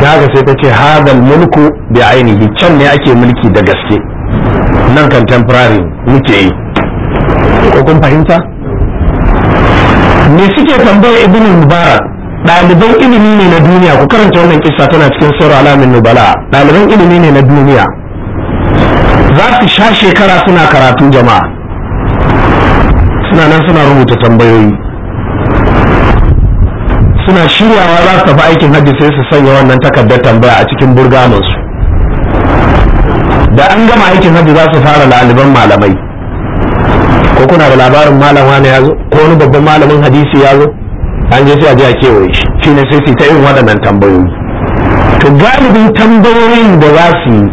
da haka sai ta ce hadal mulku bi ainihi can ne ake mulki da gaske nan kan temporary muke yi ko kun fahimta me suke tambayar ibnu mubarak daliban ilimi ne na duniya ku karanta wannan kissa tana cikin sura alamin nubala daliban ilimi ne na duniya za su sha shekara suna karatu jama'a suna nan suna rubuta tambayoyi suna shiryawa za su tafi aikin hajji sai su sanya wannan takardar tambaya a cikin burgamansu da an gama aikin hajji za su fara laliban malamai ko kuna da labarin malam wani ya zo ko wani babban malamin hadisi ya zo an je sai a je a kewaye shi shine sai su ta yin waɗannan tambayoyi to galibin tambayoyin da za su yi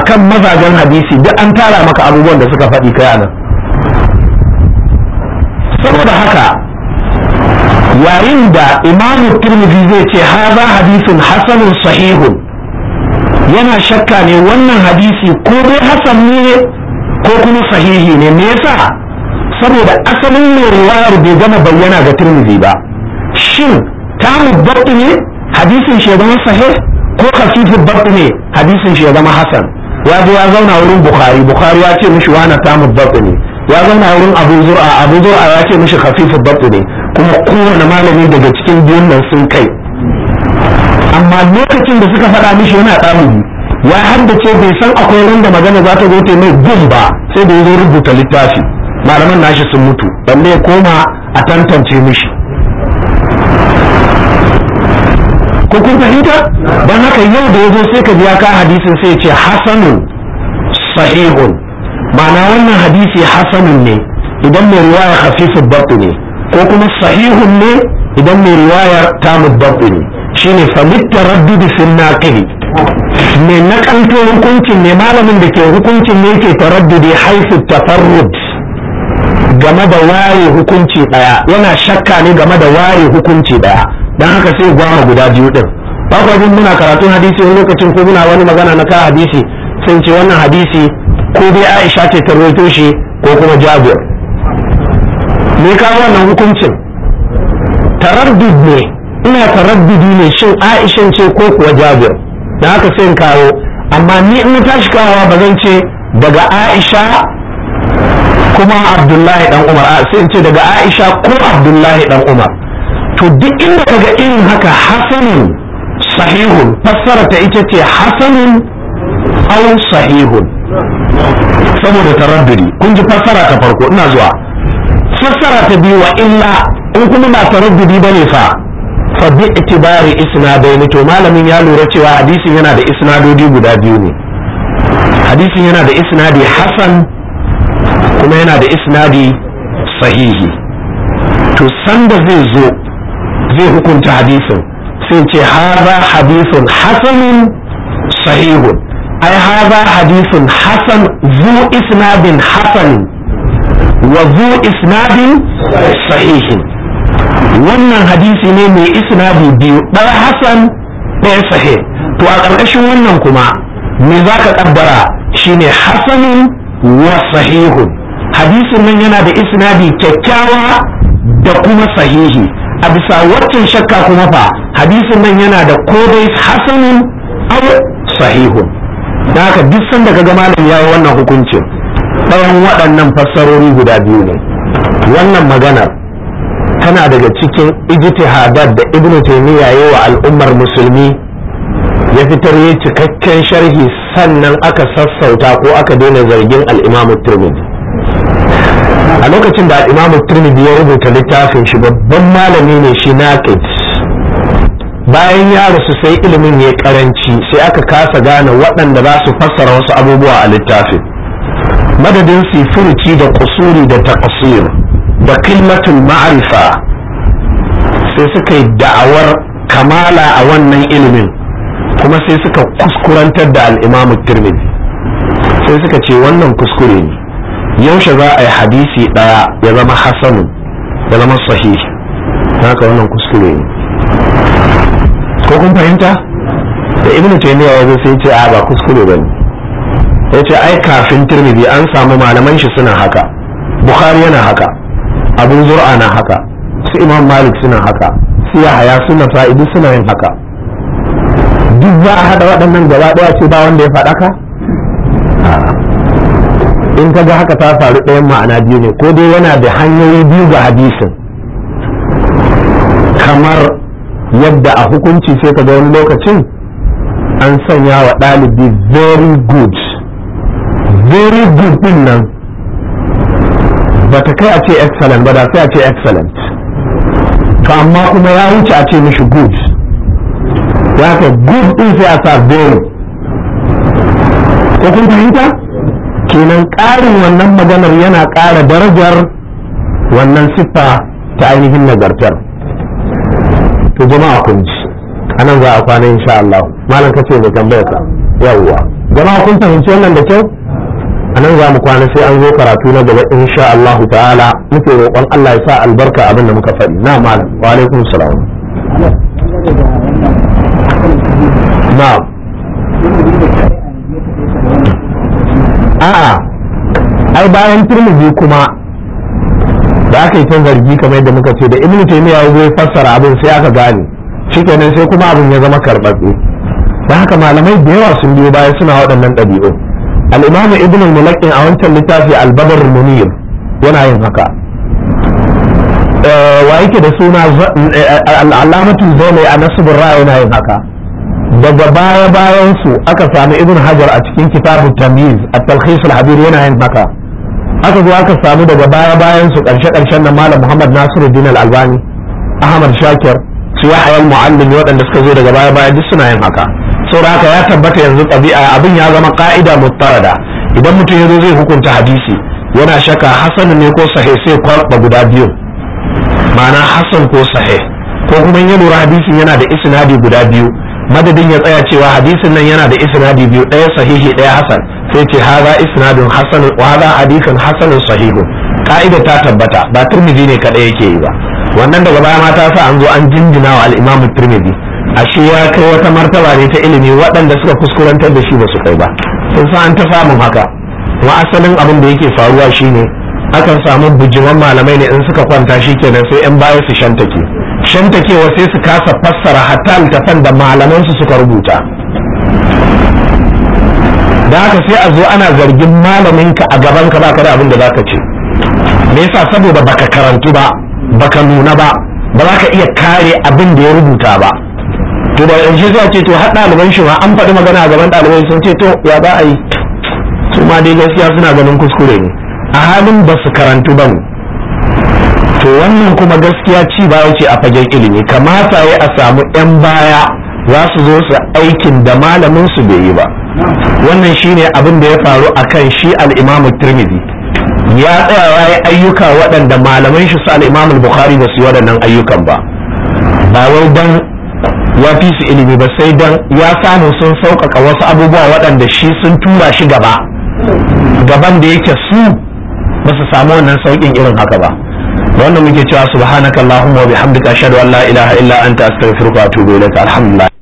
akan mazajen hadisi duk an tara maka abubuwan da suka faɗi kai anan saboda haka yayin da imam turmizi zai ce haza hadisin hasanun sahihun yana shakka ne wannan hadisi ko dai hasan ne ko kuma sahihi ne me yasa saboda asalin mai riwayar bai gama bayyana ga turmizi ba shin tamu dabbi ne hadisin shi ya zama sahih ko khafifin dabbi ne hadisin shi ya zama hasan ya zo ya zauna wurin bukhari bukhari ya ce mishi wana tamu dabbi ne ya zauna wurin abu zur'a abu zur'a ya ce mishi khafifin dabbi ne kuma kowane malami daga cikin biyun nan sun kai amma lokacin da suka faɗa mishi yana ɗalibi ya haddace bai san akwai wanda magana za ta zo ta mai gum ba sai da zo rubuta littafi malaman nashi sun mutu balle ya koma a tantance mishi ko kun fahimta don haka yau da ya zo sai ka biya ka hadisin sai ce hasanun sahihun ma'ana wannan hadisi hasanun ne idan mai ruwa ya hafifu ne ko kuma sahihun ne idan mai riwayar ta mudabbi ne shine falitta rabbi bi ne na nakalto hukuncin ne malamin da ke hukuncin ne yake da haifu tafarrud game da waye hukunci daya yana shakka ne game da waye hukunci ɗaya dan haka sai gwamna guda biyu din ba muna karatun hadisi wani lokacin ko muna wani magana na ka hadisi sun ce wannan hadisi ko dai Aisha ce ta shi ko kuma Jabir me ka wannan hukuncin taraddud ne ina taraddudi ne shin Aisha ce ko kuwa jabir da haka sai in kawo amma ni in tashi kawo ba zan ce daga aisha kuma abdullahi dan umar a sai in ce daga aisha ko abdullahi dan umar to duk inda kaga irin haka hasanun sahihun fassara ta ita ce hasanun au sahihun saboda taraddudi kun ji fassara ta farko ina zuwa fassara ta biyu wa illa in kuma ba taraddudi ne fa fa bi itibari ne to malamin ya lura cewa hadisin yana da isnadodi guda biyu ne hadisin yana da isnadi hasan kuma yana da isnadi sahihi to sanda zai zo zai hukunta hadisin sai ce haza hadisin hasanun sahihun ai haza hadisin hasan zu isnadin hasanin wa zu isnadin sahihin wannan hadisi ne mai isnadi biyu ɗaya hasan ɗaya sahi to a ƙarƙashin wannan kuma me za ka shine hasanun wa sahihun hadisin nan yana da isnadi kyakkyawa da kuma sahihi a bisa waccan shakka kuma fa hadisin nan yana da kodai hasanun aw sahihun da haka duk sanda ga malam yayi wannan hukuncin Tsawon waɗannan fassarori guda biyu ne wannan maganar tana daga cikin ijtihadar da ibn taymiya ya wa al'ummar musulmi ya fitar ya cikakken sharhi sannan aka sassauta ko aka daina zargin al'imamu turmidi a lokacin da al'imamu turmidi ya rubuta littafin shi babban malami ne shi nakit bayan ya rasu sai ilimin ya karanci sai aka kasa gane waɗanda za su fassara wasu abubuwa a littafin madadin su furuci da kusuri da taqsir da kalmatul ma'rifa sai suka yi da'awar kamala a wannan ilimin kuma sai suka kuskurantar da al'imamu tirmidhi sai suka ce wannan kuskure ne yaushe za a yi hadisi ɗaya ya zama hasanun ya zama sahihi haka wannan kuskure ne ko kun fahimta da ibnu taymiyya ya sai ce a ba kuskure bane ya ce ai kafin tirmidhi an samu malaman shi suna haka bukhari yana haka abu zur'a na haka su imam malik suna haka su haya suna fa'idu suna yin haka duk za a haɗa waɗannan gaba ɗaya ce ba wanda ya faɗa ka in ka ga haka ta faru ɗayan ma'ana biyu ne ko dai yana da hanyoyi biyu ga hadisin kamar yadda a hukunci sai ka ga wani lokacin an sanya wa ɗalibi very good very good din nan ba ta kai a ce excellent ba da sai a ce excellent to amma kuma ya wuce a ce mishi good ya ka good din sai a sa very ko kun fahimta kenan ƙarin wannan maganar yana ƙara darajar wannan siffa ta ainihin nagartar to jama'a kun ji nan za a kwana insha Allah malam kace mai tambayar ka yawwa jama'a kun fahimci wannan da kyau a nan za mu kwana sai an zo karatu na gaba insha Allah ta'ala muke roƙon Allah ya sa albarka abin da muka faɗi na malam wa alaikum salam Na. a'a ai bayan turmuzi kuma da aka yi can zargi kamar yadda muka ce da ibnu taymiya ya zo fassara abin sai aka gane shi kenan sai kuma abin ya zama karɓaɓɓe da haka malamai da yawa sun biyo baya suna waɗannan ɗabi'u al-imam ibn al-mulaqin a wancan littafi al-badr munir yana yin haka eh, wa yake da suna eh, al-alamatu a nasibin ra'ayi yana yin haka daga baya bayan su aka sami ibn hajar a cikin kitabu tamyiz at-talkhis al-habir yana yin haka aka zo aka samu daga baya bayan su karshe karshen na malam muhammad nasiruddin al-albani ahmad shakir su ya hayal muallim waɗanda suka zo daga baya baya duk suna yin haka saboda haka ya tabbata yanzu ɗabi'a abin ya zama ka'ida mutarada idan mutum ya zo zai hukunta hadisi yana shaka hasan ne ko sahih sai kwarba guda biyu ma'ana hasan ko sahih ko kuma ya lura hadisin yana da isnadi guda biyu madadin ya tsaya cewa hadisin nan yana da isnadi biyu ɗaya sahihi ɗaya hasan sai ce haza isnadun hasan wa haza hadisin hasanun sahihu ka'ida ta tabbata ba turmizi ne kaɗai yake yi ba wannan daga baya ma ta sa an zo an jinjina wa al'imamu ashe ya kai wata martaba ne ta ilimi waɗanda suka kuskurantar da shi ba su kai ba sun sa an ta samun haka kuma asalin abin da yake faruwa shine akan samu bujiman malamai ne in suka kwanta shi kenan sai yan bayan su shantake shantakewa sai su kasa fassara hatta littafan da malaman su suka rubuta da haka sai a zo ana zargin malaminka a gaban ka baka da abin da zaka ce me yasa saboda baka karantu ba baka nuna ba ba za ka iya kare abin da ya rubuta ba to da yanzu za ce to har ɗaliban shi ma an faɗi magana a gaban ɗalibai sun ce to ya za a yi su ma dai gaskiya suna ganin kuskure ne a halin ba su karantu ba to wannan kuma gaskiya ci baya ce a fagen ilimi kamata ya a samu 'yan baya za su zo su aikin da malamin su bai yi ba wannan shine abin da ya faru akan shi al'imamu tirmidhi ya tsaya ya ayyuka waɗanda malaman shi su al'imamu bukhari ba su yi waɗannan ayyukan ba ba wai ban ya fi su ilimi ba sai dan ya samu sun sauƙaƙa wasu abubuwa waɗanda shi sun tura shi gaba gaban da yake su ba su samu wannan sauƙin irin haka ba wannan muke cewa subhanakallahumma wa bihamdika ashhadu an la ilaha illa anta astaghfiruka wa atubu ilaik alhamdulillah